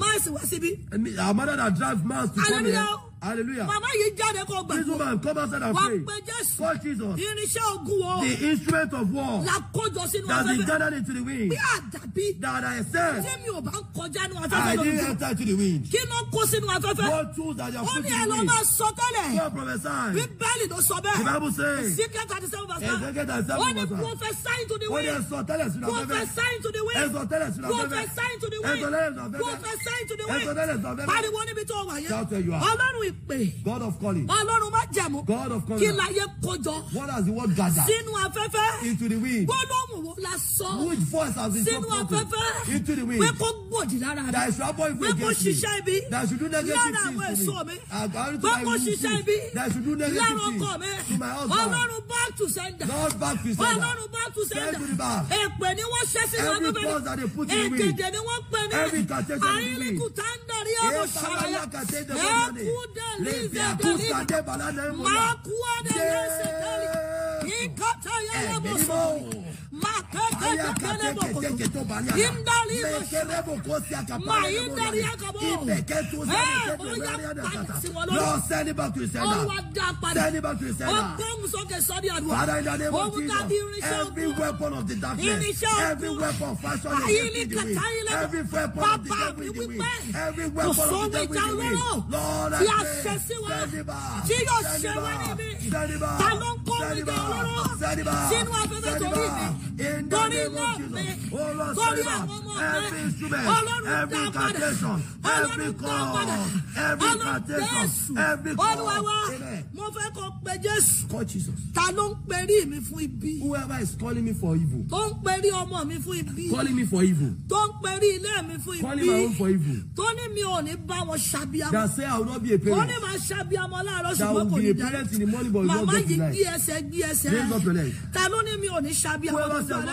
mass wá síbí. our mother that drives mass to come here. Hallelujah. Màmá yìí jáde kó gbà. This woman come outside and pray. Wà pé Jésù. Call Jesus. Irinṣẹ́ ogun wo. The instrument of war. La kójọ sínú afẹ́fẹ́. That is gathered into the wind. Bí àdàbí. That I said. Tí mi ò bá kọjá ní afẹ́fẹ́ lójú. I didn't enter into the wind. Kí ló kó sínú afẹ́fẹ́? What tools that you have put in the wind? Ó ní ẹ lọ máa sọ tẹ́lẹ̀. Go prophesy. Bíbélì ló sọ bẹ́ẹ̀. The Bible says. Ezekiel thirty seven verse one. Ezekiel thirty seven verse one. Ó ní into the wind. Ó ní ẹ sọ tẹ́lẹ̀ sínú afẹ́fẹ́. into the wind. Ẹ sọ into the wind. Ẹ sọ into the wind. Ẹ sọ tẹ́lẹ̀ sínú afẹ́fẹ́. Pariwo níbi tó wà yẹn. Shout where you are. Ọlọ́run ìpè. God of calling. Ọlọ́run má jẹ̀mú. God of calling. Kí láyé kójọ. What has the word gather Sínú afẹ́fẹ́. Into the wind. Gbólóhùn wo la sọ? Which voice has been spoken? Sínú afẹ́fẹ́. Into the wind. Pé kó gbòdì lára mi. There is trouble if we get me. Pé kó ṣiṣẹ́ ibi. There should do negative things to me. Lára àwọn èso mi. Pé kó ṣiṣẹ́ ibi. There should do negative things to my husband. to sender. Lord back to sender to send èpè ni wọ́n ṣẹ́ sí wọn bíbélì èkejì ni wọ́n pè ní àyílíkùtàndàrí ọ̀rọ̀ ṣàlàyé ẹ̀kúndẹ̀lì ìdẹ̀lì mákúwádẹ́lẹ́sẹ̀ dẹ́lì ìkọ́tà yẹ́lẹ́bọ̀sọ̀ má. Lord, send it back to his sender. Send it back to his sender. Every weapon of the darkness, every weapon fashioned against the wind, every weapon of the devil in the wind, every weapon of the devil in the wind. Lord, I pray, send it back. Send it back. Send it back. Send it back. Send it back. Send it back lórí mọ́ mi lórí àwọn ọmọ mi ọlọ́run dá padà ọlọ́run dá padà ọlọ́run jésù olúwa wa mo fẹ́ kó pe jésù ta ló ń perí mi fún ibi. whoever is calling me for evil. tó ń perí ọmọ mi fún ibi. calling me for evil. tó ń perí ilé mi fún ibi. calling my own for evil. tó ní mi ò ní bá wọn ṣàbíamọ. that say i will not be a parent. ó ní máa ṣàbíamọ láàárọ̀ ṣùgbọ́n kò ní dára. that will be a parent in the morning but you don't get to lie. màmá yìí gbé ẹsẹ̀ gbé ẹsẹ̀. raise up your leg. ta ló ní mi ò ní ṣàbíamọ. whoever say i ọmọ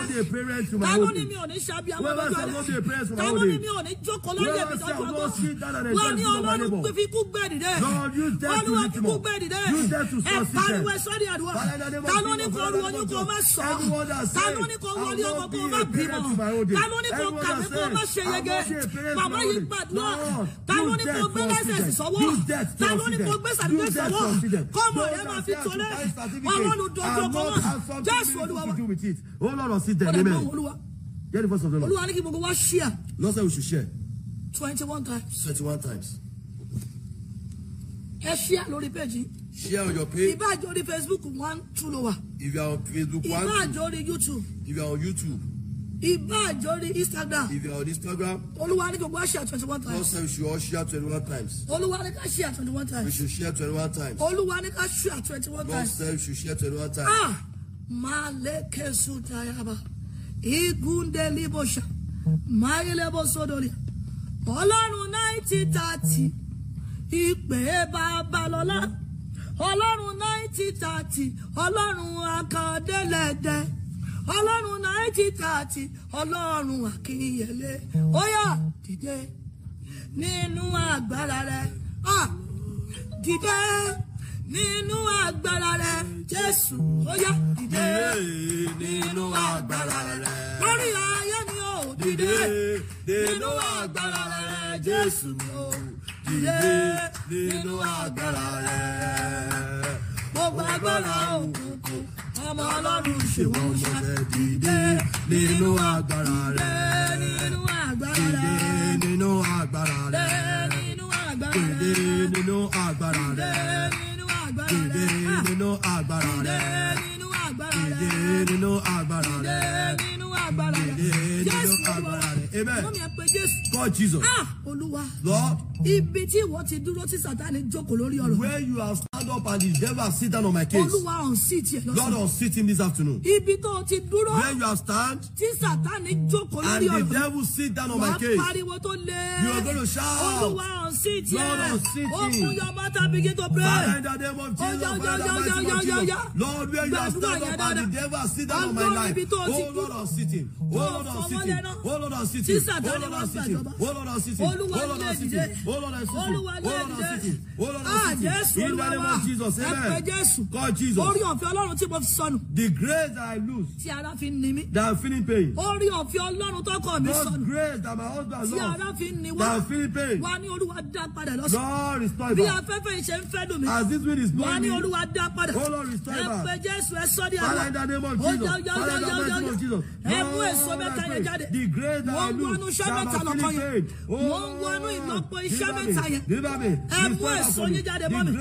tánú ni mi ò ní ṣàbí àwọn ọmọ ọjọ́ rẹ̀ tánú ni mi ò ní jókòó lórí ẹ̀mí tọ́jú ọgbọ́n wọ́n ní ọlọ́run fi kú gbẹ̀dì dẹ́ olúwa fi kú gbẹ̀dì dẹ́ ẹ̀ pariwo sọ́ni àdúrà tánú ni kò lu oyún kò má sọ tánú ni kò wọlé ọmọ kò má bímọ tánú ni kò kàwé kò má ṣe yege bàbá yìí gbàdúrà tánú ni kò gbé lẹ́sẹ̀ sọ́wọ́ tánú ni kò gbé sàdúgbò sọ́wọ́ kọ́mọ̀ ẹ̀ máa fi tọ́lẹ̀ ọlọ́run dojú ọkọ̀ wọn jésù olúwa wa ti tẹ̀lé mẹ́ get the voice of the Lord Lord said we should share 21 times twenty times share lórí page yìí share on your page ìbá àjọ orí Facebook one two lower. if you are on Facebook one two ìbá àjọ orí YouTube if you are on YouTube ìbá àjọ orí Instagram if you are on Instagram olúwa ní gbogbo wa share twenty one times Lord said we should all share twenty one times olúwa ní ká share twenty one times we should share twenty one times olúwa ní ká share twenty one times Lord said we should share twenty one times ah maleke sutayaba igunde libosha mailebo sodoria ọlọ́run náìtì tààtì ìpè babalọ́lá ọlọ́run náìtì tààtì ọlọ́run akandélẹ́dẹ́ ọlọ́run náìtì tààtì ọlọ́run akínyẹlé ó yá dìde nínú agbára rẹ ah, dìde nínú agbára rẹ jésù ó yá dìde nínú agbára rẹ lórí ayé mi ò dìde nínú agbára rẹ jésù ó dìde nínú agbára rẹ gbogbo agbára òkùnkùn ọmọ ọlọ́run ṣe wọ́n ṣe dìde nínú agbára rẹ nínú agbára rẹ dìde nínú agbára rẹ dìde nínú agbára rẹ dìde nínú agbára rẹ̀ dìde nínú agbára rẹ̀ agbára rẹ̀ jésù olúwa mọ́mí ẹ pé jésù. God Jesus. ah olúwa. Lord. ibi tí ìwọ ti dúró tí sátani jókòó lórí ọ̀rọ̀. where you have stand up and the devil has sit down on my case. olúwa on sit yẹn lọ sí. Lord on sit him this afternoon. ibi tó o ti dúró. where you have stand. tí sátani jókòó lórí ọ̀rọ̀. and the devil sit down on my case. wàá pariwo tó lé. you are going to shout. olúwa on sit yẹn. Lord on sit him. open your mouth and begin to pray. Father in the name of oh, Jesus. oya oya oya oya oya. Lord where you have stand up and the devil has sit down on my life. oh Lord on sit him him. Wó Lord unseat him. Wó Lord unseat him. Wó Lord unseat city, Wó Lord unseat him. Wó Lord unseat him. Wó Lord unseat city, Wó Lord unseat him. Wó Lord unseat him. In the name of Jesus. Amen. God Jesus. Orí ọ̀fẹ́ Ọlọ́run tí mo fi sọnù. The grace that I lose. Tí ara fi ní mi. That I'm feeling pain. Orí ọ̀fẹ́ Ọlọ́run tó kọ̀ mi sọnù. That grace that my husband lost. Tí ara fi ní wá. That I'm feeling pain. Wá ní Olúwa dá padà lọ́sọ̀. God restore back. Bí afẹ́fẹ́ ìṣe ń fẹ́ dùn mí. As this wind is blowing me. Wá ní Olúwa dá padà. Oh Lord restore back. Ẹ pẹ Jésù ẹ sọ́ di àná. Father in the name of Jesus. Father in the name of Jesus mú èso mẹ́ta yẹn jáde. Mo ń wọnú iṣẹ́ mẹ́ta lọ́kọ́ yẹn. Mo oh, ń wọnú ìlọ́pọ̀ iṣẹ́ mẹ́ta yẹn. Ẹ mú èso yín jáde mọ́ mi.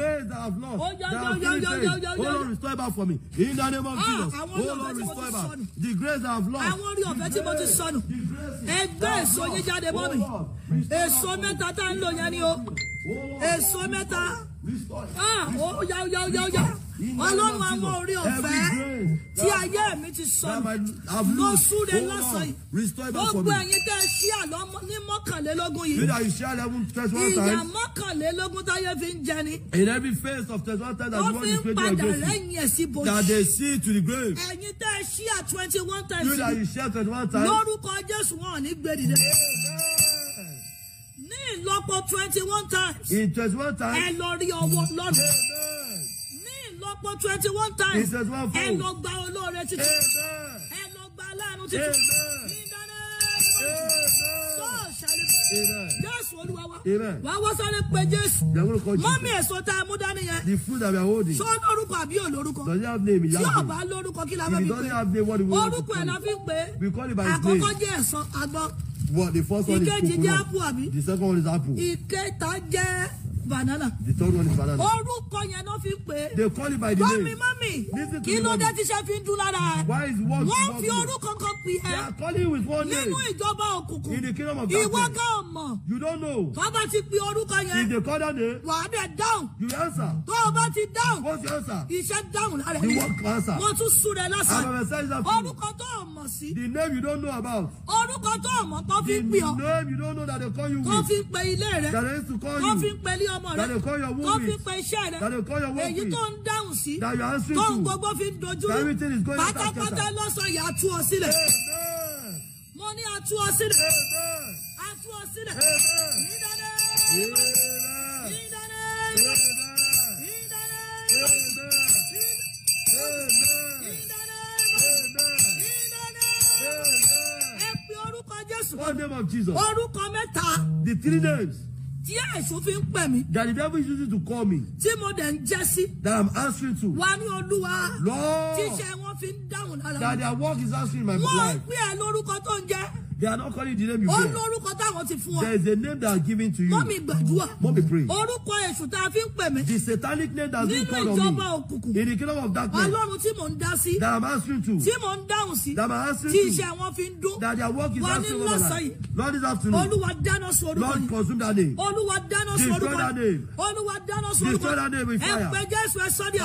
Ó yá yá yá yá yá yá yá. Olórí restore back for me. In the name of ah, Jesus. Olórí restore back. The grace I have lost. Àwọn oh, orí ọ̀fẹ́ tí mo ti sọnù. Ẹ gbé èso yín jáde mọ́ oh, mi. Èso mẹ́ta tá ń lò yẹn ni o. Èso mẹ́ta. Ah! Ó yá yá yá yá. Ọlọ́run àwọn orí ọ̀fẹ́ tí ayé mi ti sọnù ló súre lọ́sàn yìí gbogbo ẹ̀yin tẹ́ ẹ ṣí àlọ́ ní mọ́kànlélógún yìí ìyá mọ́kànlélógún táyé fi ń jẹni ó fi ń padà lẹ́yìn ẹ̀sìn bòjì ẹ̀yin tẹ́ ẹ ṣí à twenty one times lórúkọ Jésù wọn ò ní gbé dìde ní ìlọ́po twenty one times ẹ lọ rí ọwọ́ lọ́nà tọwọ́ pọ̀ twenty one times ẹ lọ gba olóore títí ẹ lọ gba aláàánú títí Amen. olúwa wa wà á wọ sáré pé jésù mọ́mí èso tá a mú dání yẹn sọ lórúkọ àbí olórúkọ tí ọba lórúkọ kí la fẹ́ fi pé orúkọ ẹ̀ la fi pé àkọ́kọ́ jẹ́ ẹ̀sán agbọ́n ìkejì jẹ́ apple àbí ìkẹta jẹ́ banana. The third one is banana. Orúkọ yẹn ló fi pè They call it by the mami, name. Mami, mami, kí ló dé tí ṣe fi ń dún lára Why is what you want? Wọ́n fi orúkọ kan pè ẹ́. They are calling with one name. Nínú ìjọba òkùnkùn. In the kingdom of darkness. Ìwọ gan mọ̀. You don't know. Tó ti pe orúkọ yẹn. If they call that name. Wà á dẹ̀ dáhùn. You answer. Tó o bá ti dáhùn. What's your answer? Iṣẹ́ dáhùn lára ẹ̀. You want answer. Wọ́n tún súre lásán. I'm a message of The name you don't know about. Orúkọ tó o tó fi ń pè ọ́. The name you don't know that they call you with. Tó fi ń pe ilé rẹ̀. That to call you. Tó fi ń pe ilé ọ ọmọ rẹ kó fi pe iṣẹ́ rẹ èyí tó ń dáhùn sí tó ń gbogbo fi ń dojú pátápátá lọ́sàn-án yà á tú ọ sílẹ̀ mo ní a tú ọ sílẹ̀ a tú ọ sílẹ̀ nídàdé nídàdé nídàdé nídàdé ẹ pe orúkọ Jésù orúkọ mẹ́ta. The three names tí èṣù fi ń pè mí. that the devil is using to call me. tí mo dẹ̀ ń jẹ́ sí. that I'm answering to. wà ní olúwa. lord tíṣe wọn fi ń dáhùn lára. that their work is answering my life. mo ń pè é lórúkọ tó ń jẹ́. They are not calling the name you bear. Olórúkọ táwọn ti fún ọ. There is a name that are given to you. Mọ́mí gbàdúrà. Mọ́mí pray. Orúkọ Èṣù tá a fi ń pè mí. The satanic name that has been called on me. Nínú ìjọba òkùnkùn. In the kingdom of darkness. Ọlọ́run tí mò ń dá sí. That I'm asking to. Tí mò ń dáhùn sí. That I'm asking to. Tí iṣẹ́ wọn fi ń dún. That their work is asking over life. Lord this afternoon. Olúwa dáná sun orúkọ yìí. Lord consume that name. Olúwa dáná sun orúkọ yìí. that name. Olúwa dáná sun orúkọ yìí. Destroy that name with fire. Ẹ pẹ Jésù ẹ sọ́ ní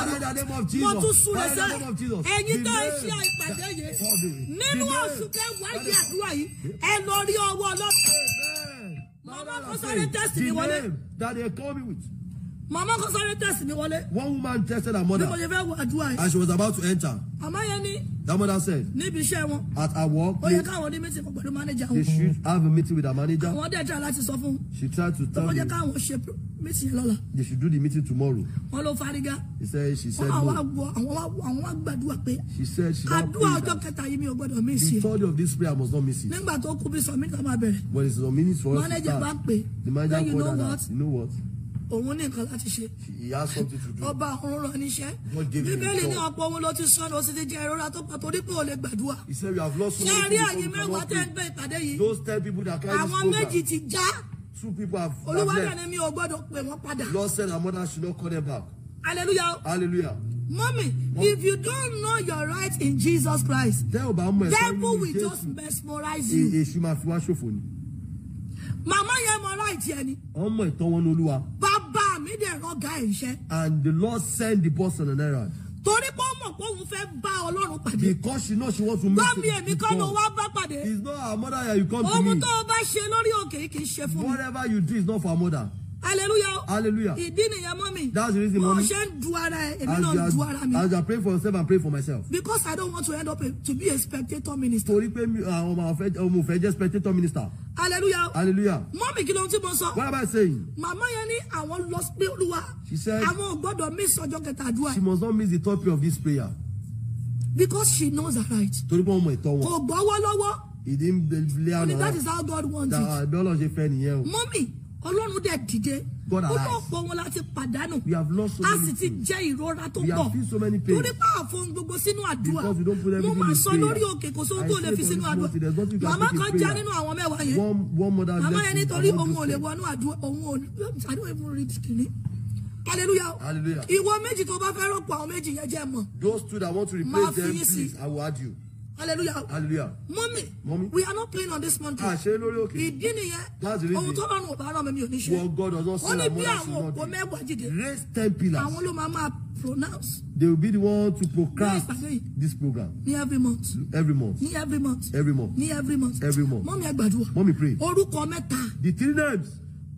name of Jesus ẹ lọ rí ọwọ́ ọlọ́run. mama kò sọ ní tẹ́sítì wọlé. that they call me with. Mama kan sáré tẹ̀sí mi wọlé. One woman tested her mother. Bí mo ṣe fẹ́ wọ àdúrà yẹn. And she was about to enter. Àmọ́ yẹn ni. That mother said. Níbi iṣẹ́ wọn. At her work. Ó yẹ káwọn ní meeting pẹ̀lú manager wọn. They should have a meeting with her manager. Àwọn dẹ̀ try láti sọ fún. She tried to tell me. Ó yẹ káwọn ṣe meeting yẹn lọ́la. They should do the meeting tomorrow. Wọ́n ló fariga. He said she said no. Wọ́n àwọn àgbọ̀ àwọn wá gbàdúrà pé. She said she now prayed that. Àdúrà ọjọ́ kẹta yìí mi ò gbọ́dọ̀ miss it. The third of this prayer I must not miss it. Nígbà tó kú bí sọ mí ká máa bẹ̀rẹ̀. When it's some minutes for us to start. Manager bá pè. The manager called her. You know what? òun ní nǹkan láti ṣe. ọba ọ̀run rán níṣẹ́. bíbélì ní ọ̀pọ̀ òun ló ti sọnù ó sì ti jẹ ìrora tó pọ̀ torí pé ò lè gbàdúrà. ṣé rí àyè mẹ́wàá tẹ́ ń gbé ìpàdé yìí. àwọn méjì ti já. two people have left. olúwa ni mi ò gbọ́dọ̀ pè wọ́n padà. Lord said our mother should not call them back. hallelujah. hallelujah. Mommy, Mom. if you don't know your right in Jesus Christ, devil will just mesmerize you. Màmá yẹn mọ ráìtì ẹni. Ọmọ ìtàn wọn ní Olúwa. Bàbá mi dẹ̀ rọ́gà ẹ̀ iṣẹ́. And the Lord send the boss on an errand. Torí pé ó mọ̀ pé òun fẹ́ bá Ọlọ́run pàdé. Because she know she wants to make it. Bámi èmi kọ́ ló wá bá pàdé. It's not our mother that you come to me. Ohun tó o bá ṣe lórí òkè kì í ṣe fún mi. Whatever you do is not for our mother hallelujah. hallelujah. ìdí nìyẹn mọ́ mi. that's the reason mọ́ mi. mo ṣe ń du ara ẹ èmi náà du ara mi. as I pray for myself and pray for myself. because I don't want to end up a, to be a spectator minister. torí pé ah, ọmọ ọ̀fẹ́ ọmọ òfẹ́ jẹ́ spectator minister. hallelujah. hallelujah. mọ́ mi kí ló ń tí mo sọ. what am I saying. màmá yẹn ní àwọn lọ sí olúwa. she said àwọn ò gbọ́dọ̀ miss ọjọ́ kẹta àdúrà. she must not miss the topic of this prayer. because she knows her right. torí pé ọmọ ìtọ́ wọn. kò gbọ́wọ́ lọ́wọ́. ìdí ń lé àná. only that is how God wants it. bí ọlọ́run ṣe fẹ́ nìyẹn o. mọ́mì ọlọ́run dẹ̀ dìde olóòpọ̀ wọn láti pàdánù a sì ti jẹ́ ìrora tó pọ̀ torí pé àfohùn gbogbo sínú àdúrà mo máa sọ lórí òkè kò sóhun tó lè fi sínú àdúrà màmá kan já nínú àwọn mẹ́wàá yẹn màmá yẹn nítorí òun ò lè wọnú àdúrà òun ò àdúrà ìmú rí kìíní hallelujah ìwọ méjì tó bá fẹ́ rọ́pò àwọn méjì yẹn jẹ́ mọ̀ those two that want to replace them please I will add you. Hallelujah. Hallelujah. Mommy, Mommy, we are not playing on this mountain. Ah, Àṣẹ lórí òkè. Ìdí nìyẹn. That's the reason. Ohun tó lọ́rùn ò bá rán mi mi ò ní ṣe. Wọ́n God has also say that more than single. Wọ́n bí àwọn òkò mẹ́wàá jìde. Raise ten pillars. Àwọn ló máa máa pronounce. They will be the one to procrast this program. Ní every month. Every month. Ní every month. Every month. Ní every month. Every month. Mommy ẹ gbàdúrà. Mommy pray. Orúkọ mẹ́ta. The three names.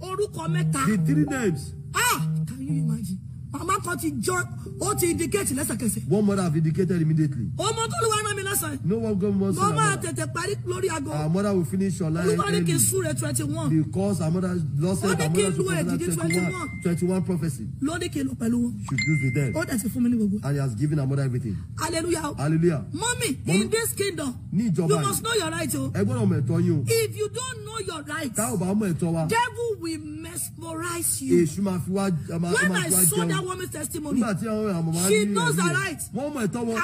Orúkọ mẹ́ta. The three names. Ah! Can you imagine? Màmá kan ti jọ ó ti indicate lẹ́sẹ̀kẹsẹ̀. One mother have indicated immediately. Ọmọ tó ló wá rán mi lọ́sàn. No one government wants to. Mo máa tètè parí lórí aago. Our mother will finish your life. Olúwa ní kí n súre twenty one. Because our mother lost her. Ó ní kí n twenty one. Twenty one prophecy. Ló ní kí n lò pẹ̀lú wọn. She used with them. Ó dẹ̀ ti fún mi ní gbogbo. And he has given our mother everything. Hallelujah. Hallelujah. Mommy, in this kingdom. You must know your right o. Oh. Ẹ gbọ́dọ̀ mọ̀ ẹ̀tọ́ yín o. If you don't know your right. Tá bá mọ̀ ẹ̀tọ́ wa. Devil will mesmerize you. Èṣù máa fi wá When I saw that woman's testimony. nígbà tí àwọn àmọ̀ máa ń rí ẹ̀ she knows her right. wọ́n mọ̀ ẹ̀tọ́ wọn.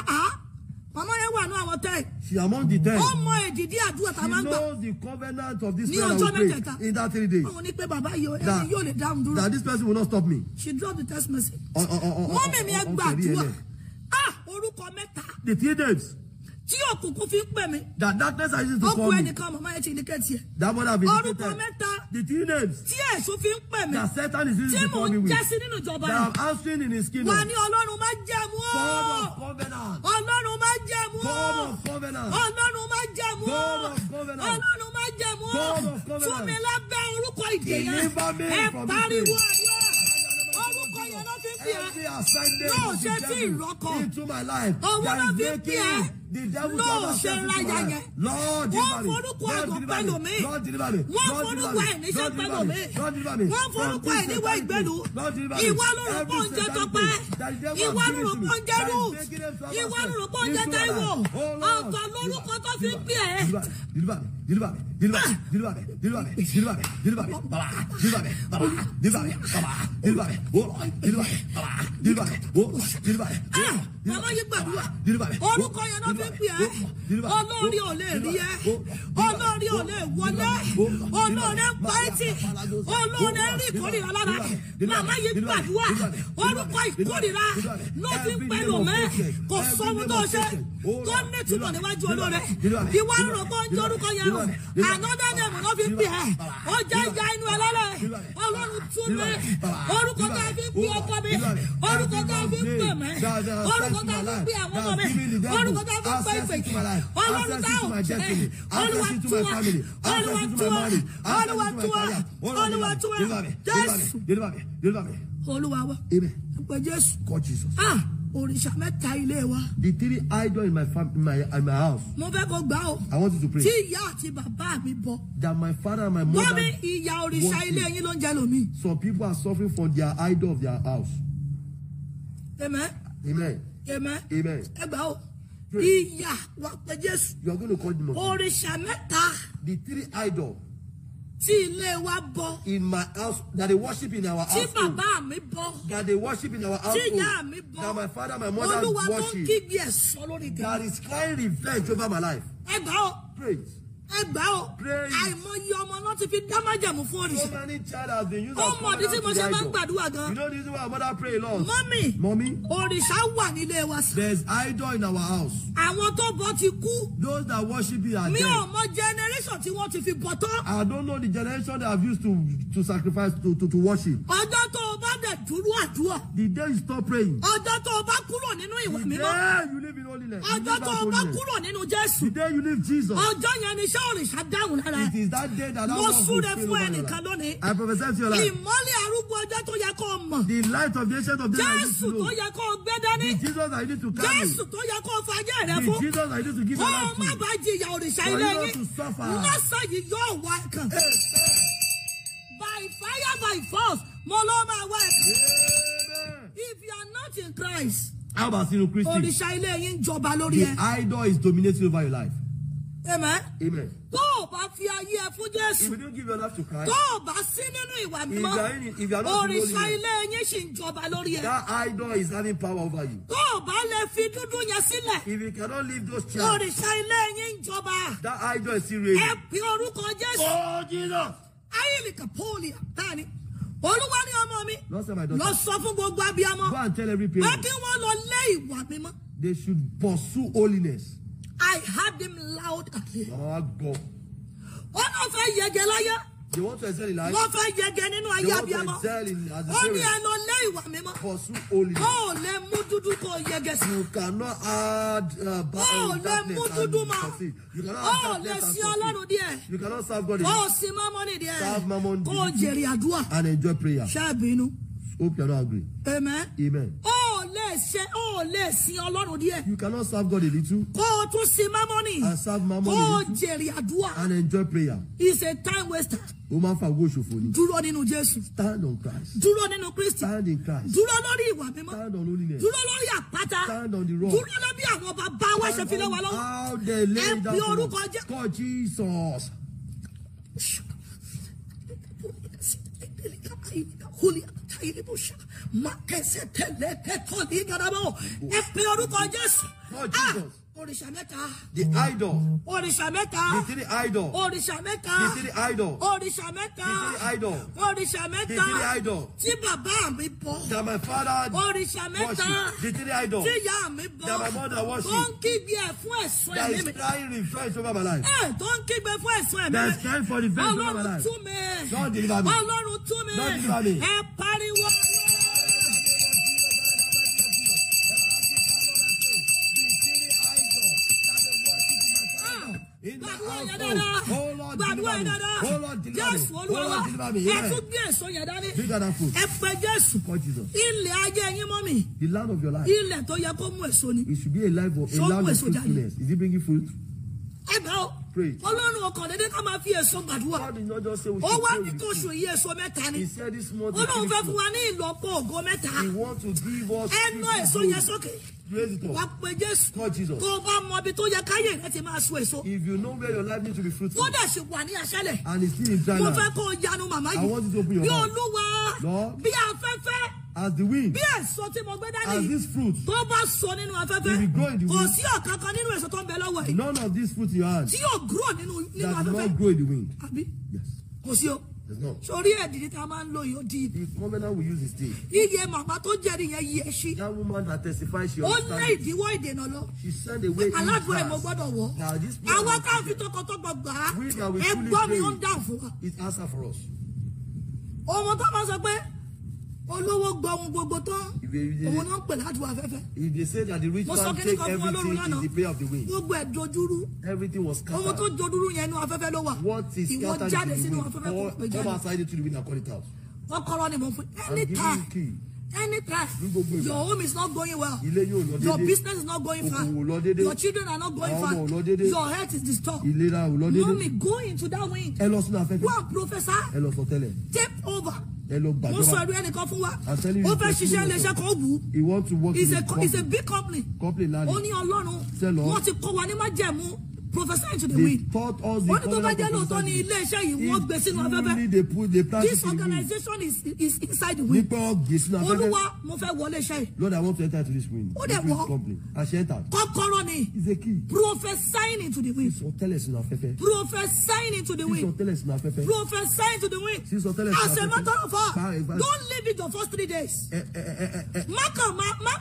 Mama yẹn wà ní àwọn ten. She among the ten. Ó mọ èdìdí àdúrà tá a máa ń gbà. She knows the covenant of this prayer I will pray in that three days. Báwo ni pé bàbá yóò ẹni yóò lè dáhùn dúró? That this person will not stop me. She dropped the text message. Mọ́mí mi ẹ gbàdúrà. Ah! Orúkọ mẹ́ta. The three days tí òkùnkùn fi ń pè mí. that darkness has used to call me. ọkùnrin nìkan màmá yẹn ti indicate yẹ. that mother been indicated. orúkọ mẹ́ta. the three names. tí èso fi ń pè mí. that satan is using to call me with. tí mò ń jẹ́sí nínú ìjọba yẹn. that I'm answering in his kingdom. wà ní ọlọ́run máa jẹ́ mú ọ́. God of covenant. ọlọ́run máa jẹ́ mú ọ́. God of covenant. ọlọ́run máa jẹ́ mú ọ́. God of covenant. ọlọ́run máa jẹ́ mú ọ́. God of covenant. fún mi lábẹ́ orúkọ ìdè yẹn. deliver me from this place every assignment no, of the devil into my life. Ọwọ́ ló fi ń bí ẹ. The devil no, shall not set you free. Lord, deliver me. Lord, deliver me. Lord, deliver me. Lord, deliver me. Lord, deliver me. Lord, deliver me. Wọ́n forúkọ ẹ̀ níwọ̀ ìgbẹ́lu. Ìwọ ló rò pọ̀ oúnjẹ tọpẹ́. Ìwọ ló rò pọ̀ oúnjẹ rú. Ìwọ ló rò pọ̀ oúnjẹ táìwò. Ọ̀tọ̀ lórúkọ tó fi ń pè ẹ́. Deliver me. Deliver me. Deliver me. Deliver me. Deliver me. Deliver me. Deliver me. Baba. Deliver me. Baba. Deliver me. Baba. Deliver me. Oh Lord. Deliver me. Baba. Deliver me. Oh Lord. Deliver me. Ah! Bàbá yìí gbàdúrà. Orúkọ yẹn náà lè pè ẹ́ olórí ò lè rí ẹ́ olórí ò lè wọlé olórí ń pa ẹ́tì olórí ń rí ìkórìíra lára màmá yìí gbàdúrà orúkọ ìkórìíra ló fi ń pẹ́ lòmẹ́ kò sọ́wọ́n tó ṣe tó ní túbọ̀ níwájú olóore ìwà rògbò ń dorúkọ yẹn o ànọ́dá ni èmi náà fi ń pè ẹ́ ó jẹ́ ìyá inú ẹlẹ́rẹ̀ ọlọ́run tún mi orúkọ tá a fi ń pè ọkọ mi orúkọ tá a fi ń pè mí orúkọ tá a fi ń pè àwọn ọmọ mi orúkọ tá a fi ń pè gbọ́ ìpèkì ọlọ́run táwọn jẹ́ olúwa túwa olúwa túwa olúwa túwa olúwa túwa jésù olúwa wa ẹgbẹ́ jésù ah òrìṣà mẹ́ta ilé wa. the three idol in my fam in my in my house. mo fẹ́ kó gbà o. I want you to pray. tí ìyá àti bàbá mi bọ. that my father and my mother. wọ́n mi ìyá òrìṣà ilé yín ló ń jẹ lómi. some people are suffering from their idol of their house. amen. amen. amen. amen. ẹ gbà o. Ìyà You are going to call them. The three idols. In my house that they worship in our house. Tí That they worship in our house. Tí ìyá That my father my mother worship. That is crying revenge over my life. Praise. ẹ gbà ó àìmọye ọmọ náà ti fi dá májàmú fún òrìṣà ó mọ ọdún tí mo ṣe máa ń gbàdúrà gan mọ́mì òrìṣà wà nílé wa sir. there is idol in our house. àwọn tó bọ ti kú. those that worship it are dead. mi ò mọ generation tí wọ́n ti fi bọ̀ tán. I don't know the generation they have used to to sacrifice to to, to worship. ọjọ́ tó o bá dẹ̀ dúró àdúrà. the day you stop praying. ọjọ́ tó o bá kúrò nínú ìwà mímọ́. the day you live in holiness. ọjọ́ tó o bá kúrò nínú Jésù. the day you leave Jesus. ọjọ́ yẹn ni sẹ́ òrìṣà dáhùn lára it is that day that I was fulfilled. mo súre fún ẹnìkan lónìí. I prophesy to your life. ìmọ́lẹ̀ arúgbó ọjọ́ tó yẹ kó mọ̀. the light of the ancient of days I need to Jésù tó yẹ kó gbé dání. the Jesus I need to carry. Jésù tó yẹ kó fagé rẹ fún. the Jesus I need to give my life to. kó o má bàa jìyà òrìṣà ilé yín. for you not to suffer. lọ́sàn-án yìí yóò wá ẹ̀kan. by fire by force mo ló máa wá ẹ̀kan. if you are not in Christ. how about sinu Christi. òrìṣà ilé yín jọba lórí ẹ. the idol is dominating over your life. Amen. Amen. Tó o bá fi ayé ẹ fún Jésù. If you don't give your life to Christ. Tó o bá sí nínú ìwà mímọ́. If you are in if you are not holy. Òrìṣà ilé yín ṣì ń jọba lórí ẹ. That idol is having power over you. Tó o bá lè fi dúdú yẹn sílẹ̀. If you cannot leave those chairs. Òrìṣà ilé yín ń jọba. That idol is still reigning. Ẹ pe orúkọ Jésù. Oh Jesus. Ayélujá Pọ́ọ̀lì àtàní olúwa ní ọmọ mi lọ sọ fún gbogbo abiyamọ pé kí wọn lọ lé ìwà mímọ. they should pursue holiness. I heard him loud. Màá gbọ́. Ó náà fẹ́ yege láyé. You want to excel in life. Wọ́n fẹ́ yege nínú ayé abiyamọ. You want to excel in as a parent. Ó ní ẹnu lé ìwà mímọ́. Pursue holiness. Ó lè mú dúdú kó yege sí. You cannot add uh, bad oh, uh, darkness and succeed. Ó lè mú dúdú mọ́. You cannot add oh, darkness and succeed. Ó lè sí Ọlọ́run díẹ̀. You cannot serve God enough. Ó sì mọ́mọ́nì díẹ̀. Serve mammon. Kó jèrè àdúrà. And enjoy prayer. Ṣé àbínú? Hope you are not angry. Amen. Amen. Oh lè ṣe ò lè sin ọlọ́run díẹ̀. you cannot serve God a little. kó o tún sin mamoni. and serve mamoni a little. kó o jèrè àdúrà. and enjoy prayer. He's a time waster. o máa ń fa owó ṣòfò ni. dúró nínú jésù. stand on Christ. dúró nínú kristi. stand in Christ. dúró lórí ìwà mímọ́. stand on holiness. dúró lórí àpáta. stand on the rock. dúró lórí àwọn bàbá wa ṣe fi lé wa lọ́wọ́. how they lay down for us. call Jesus. Holy. Every orúkọ Jésù. òrìṣà mẹ́ta. the idol. òrìṣà mẹ́ta. the three idol. òrìṣà mẹ́ta. the three idol. òrìṣà mẹ́ta. the three idol. òrìṣà mẹ́ta. the three idol. tí bàbá mi bọ. that my father worship. òrìṣà mẹ́ta. the three idol. tí ìyá mi bọ. that my mother worship. tó ń kígbe ẹ̀ fún ẹ̀sùn ẹ̀mí mi. that is crying revenge over my life. ẹ eh, tó ń kígbe fún ẹ̀sùn ẹ̀mí mi. that is crying for revenge over my life. ọlọ́run tún mi. God deliver me. ọlọ́run tún mi. God deliver me. ẹ pariwo. The land of your life. dáadáa jésù olúwa ẹ tún gbé èso yẹn dání ẹ pẹ jésù ilẹ̀ ajé yín ọkàn dédé ká máa fi èso gbàdúrà ó wá ní kó oṣù yìí èso mẹ́ta ni ọlọ́run fẹ́ fún wa ní ìlọ́pọ̀ ògo mẹ́ta ẹ ná èso yẹn sókè wà pé jésù tó bá mọ ibi tó yẹ káyé rẹ ti máa so èso. if you know where your life needs to be fruitful. kódà ṣe wà ní aṣálẹ̀. and it's still in China. mo fẹ́ kó o yanu màmá yìí. I want you to open your mouth. bí olúwa bí afẹ́fẹ́. as the wind. bí èso tí mo gbé dání. as this fruit. tó bá so nínú afẹ́fẹ́. if you grow in the wind. kò sí ọ̀kan kan nínú èso tó ń bẹ lọ́wọ́ yìí. none of these fruits you had. tí yóò grow nínú afẹ́fẹ́. that will not grow in the wind. àbí. yes. kò sí o sórí ẹ̀dìdì tá a máa ń lò yóò di. the covenant we use is day. iye màmá tó jẹ́rìí yẹn yí ẹ e that woman that testify she understand. ó lé ìdíwọ́ ìdènà lọ. she send away in class. aládùn ẹ̀ mo gbọ́dọ̀ wọ̀. na this place. àwọn táwọn fi tọkàntọkàn gbà á. we na we truly pray. ẹ gbọ́ mi ó ń dà fún wa. it answer for us. ọmọ tó máa sọ pé olówó gbọ́ ohun gbogbo tán òun náà ń pè láti wà fẹ́fẹ́. if they say that the rich man take everything is the pay of the way. gbogbo ẹ̀ dojúrú. everything was scattered. ohun tó jojúrú yẹn inú afẹ́fẹ́ ló wà. what is scattered to the wind or come outside to the wind and call it out. kọ́kọ́rọ́ ni mo fún anytime anytime your home is not going well your business is not going far your children are not going far your health is disturbed mommy go into that wind go and prophesy take over mo sọ ìwé ẹnìkan fún wa ó fẹ́ ṣiṣẹ́ iléeṣẹ́ kan ó wù ú. he wants to work in a company. big company. ó ní ọlọ́run wọ́n ti kó wa ní májẹ̀mú prophesy to the they wind. wọ́n ní tó bá jẹ́ lóòótọ́ ní ilé iṣẹ́ yìí wọ́n gbé sínú afẹ́fẹ́. this organization is is inside the wind. nípa gbé sínú afẹ́fẹ́. olúwa mo fẹ́ wọlé iṣẹ́ yìí. lord i want to enter to this wind. ó dẹ̀ enter. kọ́kọ́rọ́ ni. is a key. prophesying into the wind. tell us, sínú afẹ́fẹ́. prophesying into the wind. tell us, sínú afẹ́fẹ́. prophesying to the wind. sísọ tẹ́lẹ̀ sínú afẹ́fẹ́. as a matter of fact don't leave it the first three days. Eh, eh, eh, má kàn má má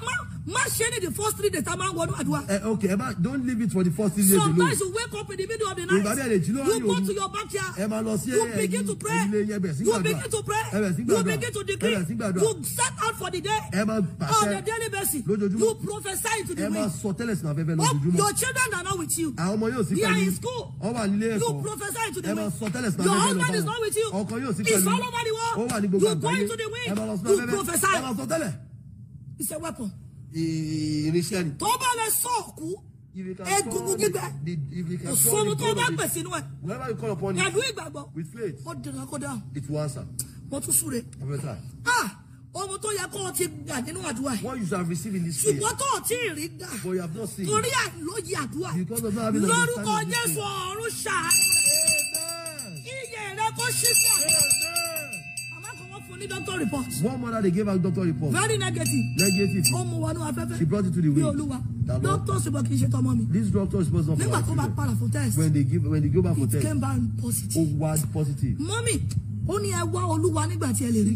má ṣe ni the first three days tá a máa ń wọnú àdúrà. ok ẹ don't leave it for the first three days alone you wake up in the middle of the night. ìgbàdí ẹ̀rẹ̀ lọ́wọ́ yòó. you go to your backyard. ẹ máa lọ sí ẹ̀yìn ilé yẹn bẹ̀rẹ̀ sí gbàdúrà. you begin to pray. ẹ bẹ̀rẹ̀ sí gbàdúrà. you begin to decree. ẹ bẹ̀rẹ̀ sí gbàdúrà. you set out for the day. ẹ máa pàṣẹ. on the daily basis. lójoojúmọ́. you prophesy into the wind. ẹ máa sọ tẹ́lẹ̀ sínú afẹ́fẹ́ lójoojúmọ́. your children are not with you. àwọn ọmọ yóò sí pẹ̀lú. they are in school. you prophesy into the wind. your husband is not with you. he's all over the world. you go into the wind. you prophesy. it's a weapon. tó bá lè sọ egungun gbígbẹ ìfowó tó bá pèsè inú ẹ pẹ̀lú ìgbàgbọ́ ó dìrọ kó dáhùn mo tún súre ohun tó yẹ kó o ti gbà nínú àdúrà yìí. what you have received in this place. ṣùgbọ́n tó o ti rí gbà. you have not seen. torí àlóyè àdúrà. because of not having lórúkọ Jésù ọ̀run ṣàánú rẹ̀. iye rẹ kó ṣí sí àdúrà me doctor report. One mother they gave her doctor report. Very negative. Negative. Ó mu wọnú afẹ́fẹ́. She brought it to the wind. Doctor ṣùgbọ́n kì í ṣe tọmọ This doctor is supposed to be. Nígbà tó para for test. When they give when they go back for test. It came back positive. Ó wá positive. Mommy ó ní ẹ wá olúwa nígbà tí ẹ lè rí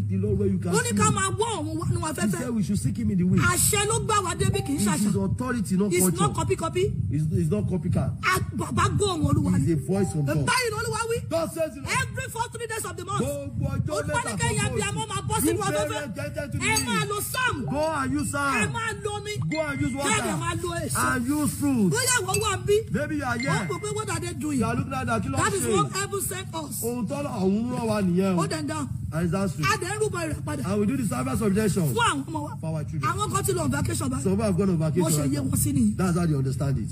ó ní ká máa wá òun wá nínú afẹ́fẹ́ àṣẹ ló gbà wá débi kì í ṣàṣà it's not copy copy it's not copy cat bàbá gbọ́ òun olúwa ni báyìí ni olúwa wí every four three days of the month olúwa ní kẹ́yìn àbí àmọ́ máa bọ́ sínú afẹ́fẹ́ ẹ máa lo sam ẹ máa lo mi kẹ́ẹ̀dẹ̀ máa lo èso bóyá ìwọ wà bí wọ́n kò pé what are they doing that is what heaven sent us. ohun tọ́lá ọ̀hún rán wa nìyẹn yẹn o. ó dandan. Exactly. A dẹ̀ ń rúbọ padà. And we do the service subjection. Fún àwọn ọmọ wa. For our children. Àwọn kan ti lọ on vacation báyìí. Some have gone on vacation. Mo ṣe yé wọn sí ni. That's how they understand it.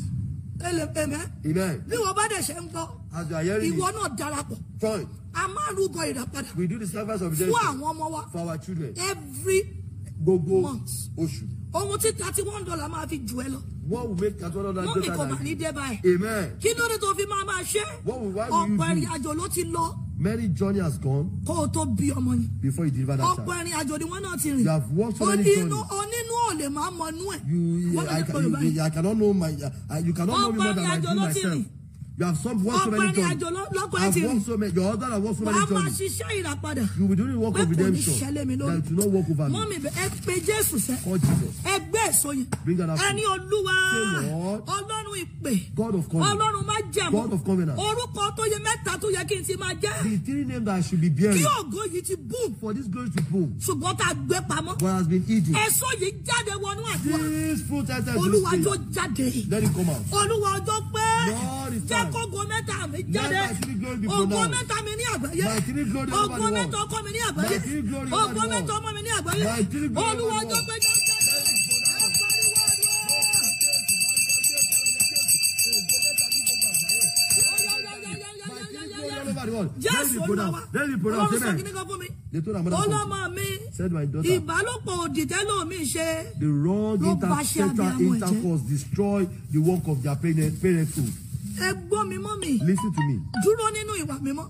Ele amen. Amen. Bí wọ́n bá dẹ̀ ṣe ń gbọ́. As you are hearing. Ìwọ náà darapọ̀. Fine. A máa rúbọ ìrà padà. We do the service subjection. Fún àwọn ọmọ wa. For our children. Every gbogbo oṣù. Ohun tí thirty one dollar máa fi jù ẹ lọ. What will make thirty one dollar better than Mọ́mí kò mà ní dé báyìí. Amen. Kí ló tó fi máa máa ṣe? What will why will you Ọ̀pọ̀ ìrìn àjò ló ti lọ. Mary journey has gone. Kó o tó bí ọmọ yìí. Before you deliver that child. Ọ̀pọ̀ ìrìn àjò ni wọ́n náà ti rìn. You have worked so many times. Onínú ò lè máa mọ inú ẹ̀. You I, I, I cannot know my uh, you cannot know me more than I do myself. You have some worked so many times. journeys. have worked so many. Your husband have worked so many journeys. Wàá máa ṣiṣẹ́ ìràpadà. You will do the work of redemption. That you will not work over me. Mọ́mí bẹ̀ ẹ pe Jésù sẹ́. Call Jesus. Ẹ gbé Bring that up. Ẹni Olúwa. Say Lord. Ọlọ́run ọlọ́run ìpè. God of covenant. ọlọ́run má jẹ̀mú. God of covenant. orúkọ tó yẹ mẹ́ta tó yẹ kí n ti máa jẹ́. the three names that I should be bearing. kí ògo yìí ti boom. for this glory to boom. ṣùgbọ́n tá a gbé pamọ́. but has been hidden. èso yìí jáde wọnú àdúrà. this fruit has been olúwa jọ jáde. let it come out. olúwa ọjọ́ pé. Lord is fine. jẹ́ kógo mẹ́ta mi jáde. let my three glory be pronounced. ògo mẹ́ta mi ní àgbáyé. my three glory over the world. ògo mẹ́ta ọkọ mi ní àgbáyé. my three glory over the world. ògo mẹ́ta ọmọ mi ní àgbáyé. my three glory over the world. olúwa ọjọ́ pé jáde. Look at the wall. Jésù Olúwa. Let it go down. Ọlọ́run sọ kí ni kan fún mi. Ọlọ́mọ mi. Said my daughter. Ìbálòpọ̀ òdì tẹ́lọ̀ mi ṣe. The wrong inter sexual intercourse destroy the work of their parent parenthood. Ẹ gbọ́ mi mọ́ mi. Listen to me. Dúró nínú ìwà mímọ́.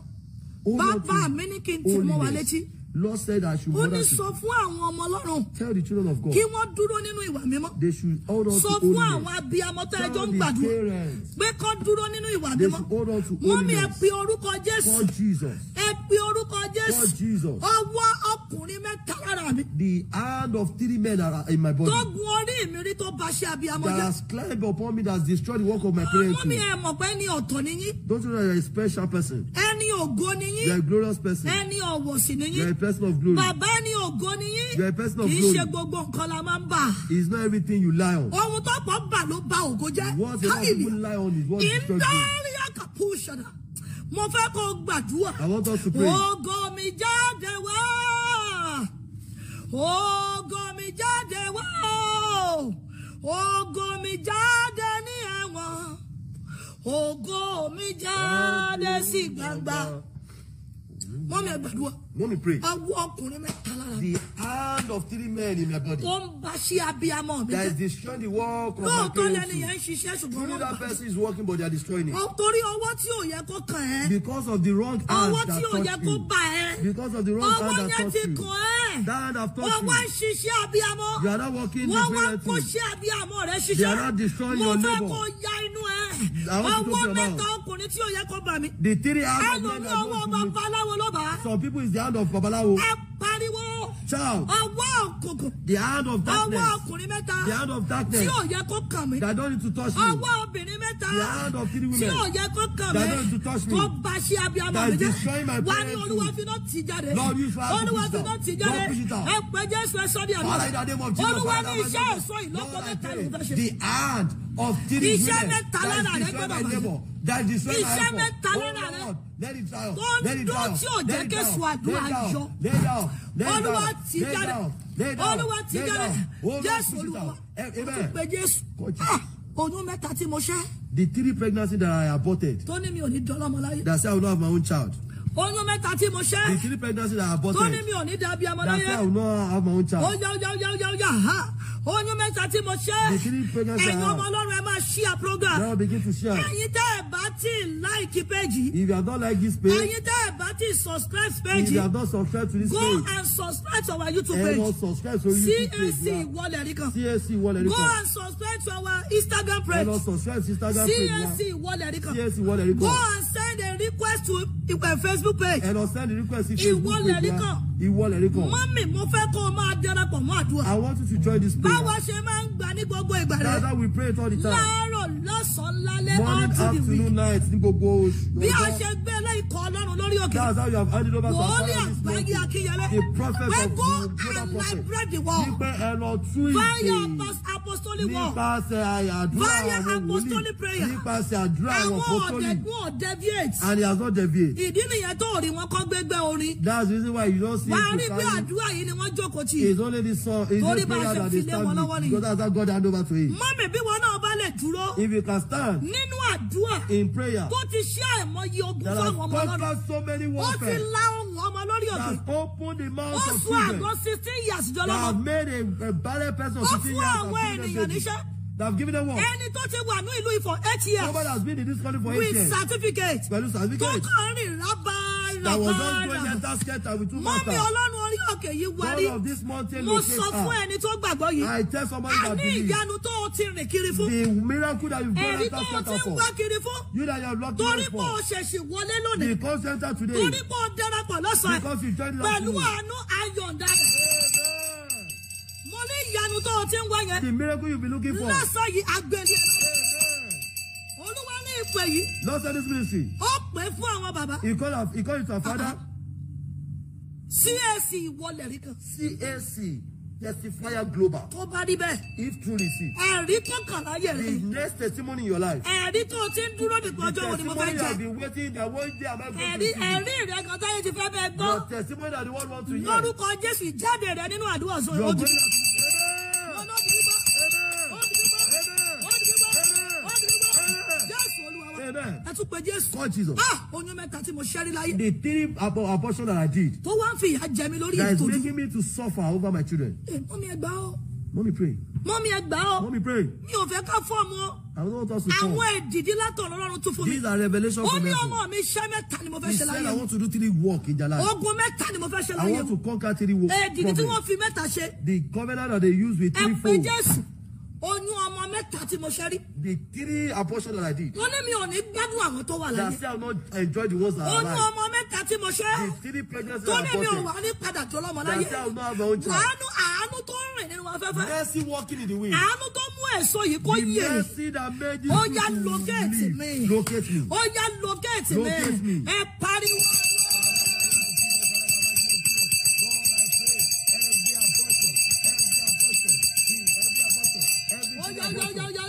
Bàbá mi ní kí n tì mọ́ wa létí. Lord said I should order to. Ó ní sọ fún àwọn ọmọ Ọlọ́run. Tell the children of God. Kí wọ́n dúró nínú ìwà mímọ́. They should hold on so to holiness. Sọ fún àwọn abiyamọ tó ẹjọ́ ń gbàdúrà. Pé kán dúró nínú ìwà mímọ́. They should hold on to holiness. Mọ́mí ẹ pe orúkọ Jésù. Call Jesus. Ẹ pe orúkọ Jésù. Call Jesus. Ọwọ́ ọkùnrin mẹ́ta lára mi. The hand of three men are in my body. Tó gun orí mi rí tó ba ṣe abiyamọ jẹ́. That has climbed upon me that has destroyed the work of my parents. Mọ́mí ẹ mọ̀ pé ẹni ọ̀tọ̀ ni yín. Don't you know you a special person. Ẹni a glorious person person of glory. Bàbá ni ògo ni yín. You are a person of glory. Kì í ṣe gbogbo nǹkan la máa ń bà. It is not everything you lie on. Ohun tó pọ̀ bà ló bà ògo jẹ́. What the Lord people lie on is what you trust in. Ìdáríyà kàpúṣọ̀dà. Mo fẹ́ kó gbàdúrà. I want us to pray. Ògo mi jáde wá. Ògo mi jáde wá. Ògo mi jáde ní ẹ̀wọ̀n. Ògo mi jáde sí gbangba mọ́mí ẹgbẹ̀dúwà. mọ́mí pray. ọwọ́ ọkùnrin mẹ́ta lára. the hand of three men in my body. ó bá sí abiyamọ mi. that is destroying the work of my parents. lóòótọ́ lẹni yẹn ń ṣiṣẹ́ ṣùgbọ́n wọ́n bá. that person is working but they are destroying it. torí owó tí ò yẹ kó kàn ẹ́. because of the wrong hand that touch you. owó tí ò yẹ kó bá ẹ. because of the wrong hand that touch you. owó yẹn ti kàn ẹ́. that hand that touched you. wọ́n wá ṣiṣẹ́ abiyamọ. you are not working the prayer team. wọ́n wá kó ṣe abiyamọ rẹ they are not destroying your labour owó mẹ́ta ọkùnrin tí ó yẹ kó bà mí. the three hours of ẹnu ní owó babaláwo ló bá. some people is the hand of babaláwo. ẹ pa child. Ọwọ́ òkùnkùn. The hand of darkness. Ọwọ́ ọkùnrin mẹ́ta. The hand of darkness. Tí ò yẹ kó kàn mí. That don't need to touch me. Ọwọ́ obìnrin mẹ́ta. The hand of three women. Tí ò yẹ kó kàn mí. That don't need to touch me. Kó ba ṣe abiyamọ mi jẹ́. That is destroying my parents. Wà ní olúwa finá tì jáde. Lord use fire to push it out. Olúwa finá tì jáde. Lord push it out. Ẹ pẹ Jésù ẹ sọ ní ẹ̀mí. Father in the name of Jesus. Olúwa ní iṣẹ́ èso ìlọ́kọ mẹ́ta ló The hand of three women. Iṣẹ́ mẹ́ta lára rẹ̀ gbọ́dọ̀ bàjẹ́. That is destroying my neighbor. That tó ń dún tí ò jẹ́ kéṣù àdúrà yọ olúwa ti jáde oh, olúwa eh, ti jáde jésù olúwa ti pe jésù ah, oyún mẹ́ta tí mo ṣẹ́. the three pregnancies that I aborted. tó ní mi ò ní dọ́lọ́mọ láyé. that's why I will not have my own child oyún mẹ́ta tí mo ṣẹ́. the three pregnancies that I aborted. tó ní mi ò ní dábìá mọ́ láyé. that's why I will not have my own child. ó yá ó yá ó yá ó yá ó yá ha oyún mẹ́ta tí mo ṣe ẹ̀yin ọmọ ọlọ́run ẹ máa ṣíà program ẹ̀yin tẹ́ ẹ̀ bá ti like page ẹ̀yin tẹ́ ẹ̀ bá ti subscribe page go and subscribe to our YouTube page CAC ìwọlẹ̀ rí kan go and subscribe to our Instagram page CAC ìwọlẹ̀ rí kan go and send a request to eh, Facebook page ìwọlẹ̀ e rí kan. Ìwọ lẹ̀rí kan. Mọ́mì mo fẹ́ kó o máa darapọ̀ mọ́ àdúrà. I want you to join this prayer. Báwo ṣe máa ń gbà ní gbogbo ìgbà rẹ̀? That's how we pray it all the time. Láàárọ̀ lọ́sàn-án lálẹ́ all through the week. Morning afternoon night ní gbogbo oṣù. Bí a ṣe gbé lẹ́yìnkọ́ Ọlọ́run lórí òkè. That's how you have handed over to our family this morning. Wòlíì àgbáyé Akínyẹlé. The prophet of the Global Prophet. Wípé ẹ lọ tú ìpè. Fire pastor apostolic word. nípasẹ̀ àdúrà àwọn wòlíì nípasẹ̀ àdúrà àwọn apostolic. àwọn ọ̀dẹ̀gùn ọ̀dẹ̀viate. and he has not deviate. ìdí nìyẹn tó rí wọn kọ́ gbẹgbẹ́ orin. that's the reason why you don't see. wàá rí bí àdúrà yìí ni wọ́n jókòó tì. it's only the song it's only prayer that they stand with because that's how God hand over to him. mọ́mì bí wọn náà bá lè dúró. if you can stand. nínú àdúrà. in prayer. tó ti ṣe àìmọye ogun fáwọn ọmọ lọ́dún. so many warfare. ọmọ lórí òkè. open the mouth of children. ó sún àgọ́ sixteen years jọlọ́mọ. made a, a person ó fún àwọn ènìyàn èèyàn They have given them one. Ẹni tó ti wà ní ìlú Ifọ̀ eight years. Nobody has been in this country for eight years. With certificate. Pẹ̀lú certificate. Tó kàn rìn rábà That was just going enter scatter with two masters. Mọ́mí Ọlọ́run orí òkè yìí wárí. God of this mountain located her. Mo sọ fún ah. ẹni tó gbàgbọ́ yìí. I tell somebody that believe. Àní ìyanu tó o ti rìn kiri fún. The miracle that you go enter scatter for. Èyí tó o ti wá kiri fún. You that you have locked doors for. Torí pé o ṣèṣì wọlé lónìí. The call center today. Torí pé o darapọ̀ lọ́sàn-án. Because you joined last week. Pẹ̀lú àánú ayọ̀ǹda rẹ̀ ní ìyanu tó o ti ń wá yẹn. the miracle you be looking for. lọ́sàn yìí agbẹ́lẹ̀ olúwa ní ìpè yìí. lọ́sàn this ministry. ó pè fún àwọn bàbá. he call her he call it her father. CAC wọlé rí kan. CAC testifier global. tó bá rí bẹ́ẹ̀. if truly see. ẹ̀rí tó kàn láyé rẹ. the next testimony in your life. ẹ̀rí tó o ti ń dúró nípa ọjọ́ wo ni mo fẹ́ jẹ. the testimony I've been waiting that one day I'm going to see. ẹ̀rí ẹ̀rí rẹ kan táyé ti fẹ́ bẹ́ẹ̀ gbọ́. your testimony that the world want to hear. lórúkọ Jésù jáde rẹ nínú àdúrà sọ ìwọ́jú. your greatness. ẹ tún pe Jésù. call Jesus. ah oyún mẹ́ta tí mo ṣẹ́rí láyé. the three abo abortion that I did. tó wá ń fi ìyà jẹ mi lórí ètò. that is making me to suffer over my children. èèmọ́ eh, mi ẹgbàá o. Mommy pray. Mommy ẹgbà o. Mommy pray. Mi ò fẹ́ ká fọ́ọ̀mù o. I don't want us to come. Àwọn èdìdí látọ̀rọ̀ Ọlọ́run tún fún mi. These are revelations from heaven. Ó ní ọmọ mi iṣẹ́ mẹ́ta ni mo fẹ́ ṣe láyé. He said I want to do three work in Jalai. Ogun mẹ́ta ni mo fẹ́ ṣe láyé. I want to conquer three work. Èdìdí tí wọ́n fi mẹ́ta ṣe. The covenant that they use with three fold. Ẹ pe Jésù oyún ọmọ mẹ́ta tí mo ṣe rí. the three abortions that I did. wọ́n ní mi ò ní gbádùn àwọn tó wà láyé. that say I not enjoy the ones that are alive. oyún ọmọ mẹ́ta tí mo ṣe. the three pregnancies that I bought. tó ní mi ò wà ní padà tó lọ́mọ láyé. that say I will not have my own child. wàánu àánú tó ń rìn nínú afẹ́fẹ́. mercy walking in the wind. àánú tó mú èso yìí kó yé. the mercy that made this people live. ó yá locate me. locate me. ó yá locate me. locate me. ẹ pariwo.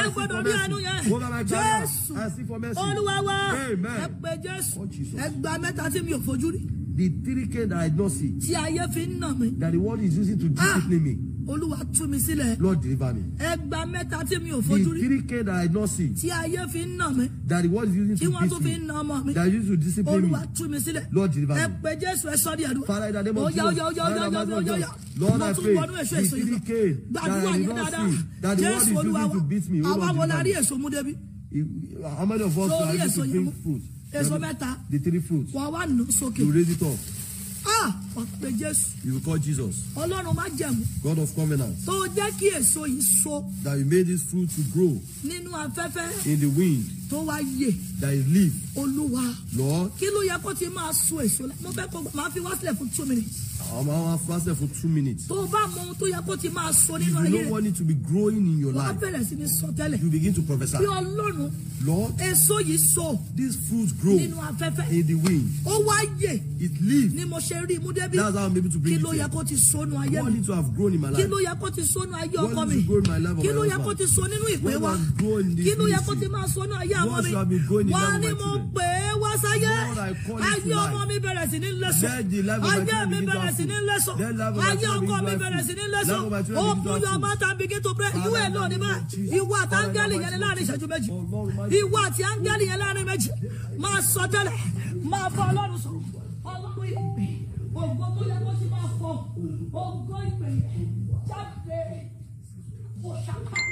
ẹ gbọdọ̀ ní àánú yẹn jésù olúwa wa ẹ pé jésù oh, ẹ gba mẹ́ta tí mi the three that i don't see. that the world is using to ah. discipline me olúwa tú mi sílẹ̀. lord deliver me. ẹgbà mẹ́ta tí mi ò fojú rí. the three k that i no see. tí ayé fi ń nà mí. that the world is using to beat me. tí wọ́n tún fi ń nà ọmọ mi. that is to discipline me. olúwa tú mi sílẹ̀. lord deliver me. ẹ pé jésù ẹ sọ ní ẹdun. father in the name of jesus. oya oya oya oya oya oya. lord i pray the three k that i no see. that the world is using to beat me. àwa wọlé àrí èso mú débi. how many of us are able to bring fruit. èso mẹ́ta. the three fruits. wà wá nù sókè. you raise it up ah ọ̀pẹ jésù. you call Jesus. ọlọ́run má jẹ̀mú. God of covenant. tó jẹ́ kí èso yìí so. that you made this fruit to grow. nínú afẹ́fẹ́. in the wind. tó wá yè. that you live. olúwa. lord. kí ló yẹ kó ti máa so èso la mo fẹ́ kó máa fi wá sílẹ̀ fún two minutes ọmọ wa fásẹ̀ fún two minutes. tó o bá mọ ohun tó yẹ kó ti máa sọ nínú ayé. you know what need to be growing in your life. wọ́n bẹ̀rẹ̀ sí ní sọ tẹ́lẹ̀. you begin to prophesy. bí ọlọ́run. lord èso yìí sọ. this fruit grow. nínú afẹ́fẹ́. in the wind. ó wá yè. it live. ni mo ṣe rí i mú débi. that's how i'm able to bring it to you. kí ló yẹ kó ti sọ ayé mi. what need to have grown in my life. kí ló yẹ kó ti sọ ayé ọkọ mi. what need to grow in my life. kí ló yẹ kó ti sọ nínú ìwé wa. kí ló yẹ kó ti máa sọ nínú ayé àwọn mi. wà á ní mo pè é wá sáyé. ayé ọmọ mi bẹ̀rẹ̀ sí ní lẹ́sùn sí ní lẹ́sọ̀ ayé ọkọ mi bẹ̀rẹ̀ sí ní lẹ́sọ̀ open your mouth and begin to pray ìwé ẹ̀ náà ní bá ìwọ àti áńgẹ́lì yẹn láàrin ìṣẹ́jú méjì ìwọ àti áńgẹ́lì yẹn láàrin méjì máa sọ tẹ́lẹ̀ máa fọ ọlọ́run sọ ọlọ́run ìpè ògbó tó yẹ kó sì máa fọ ògbó ìpè jáde mo ṣàkà.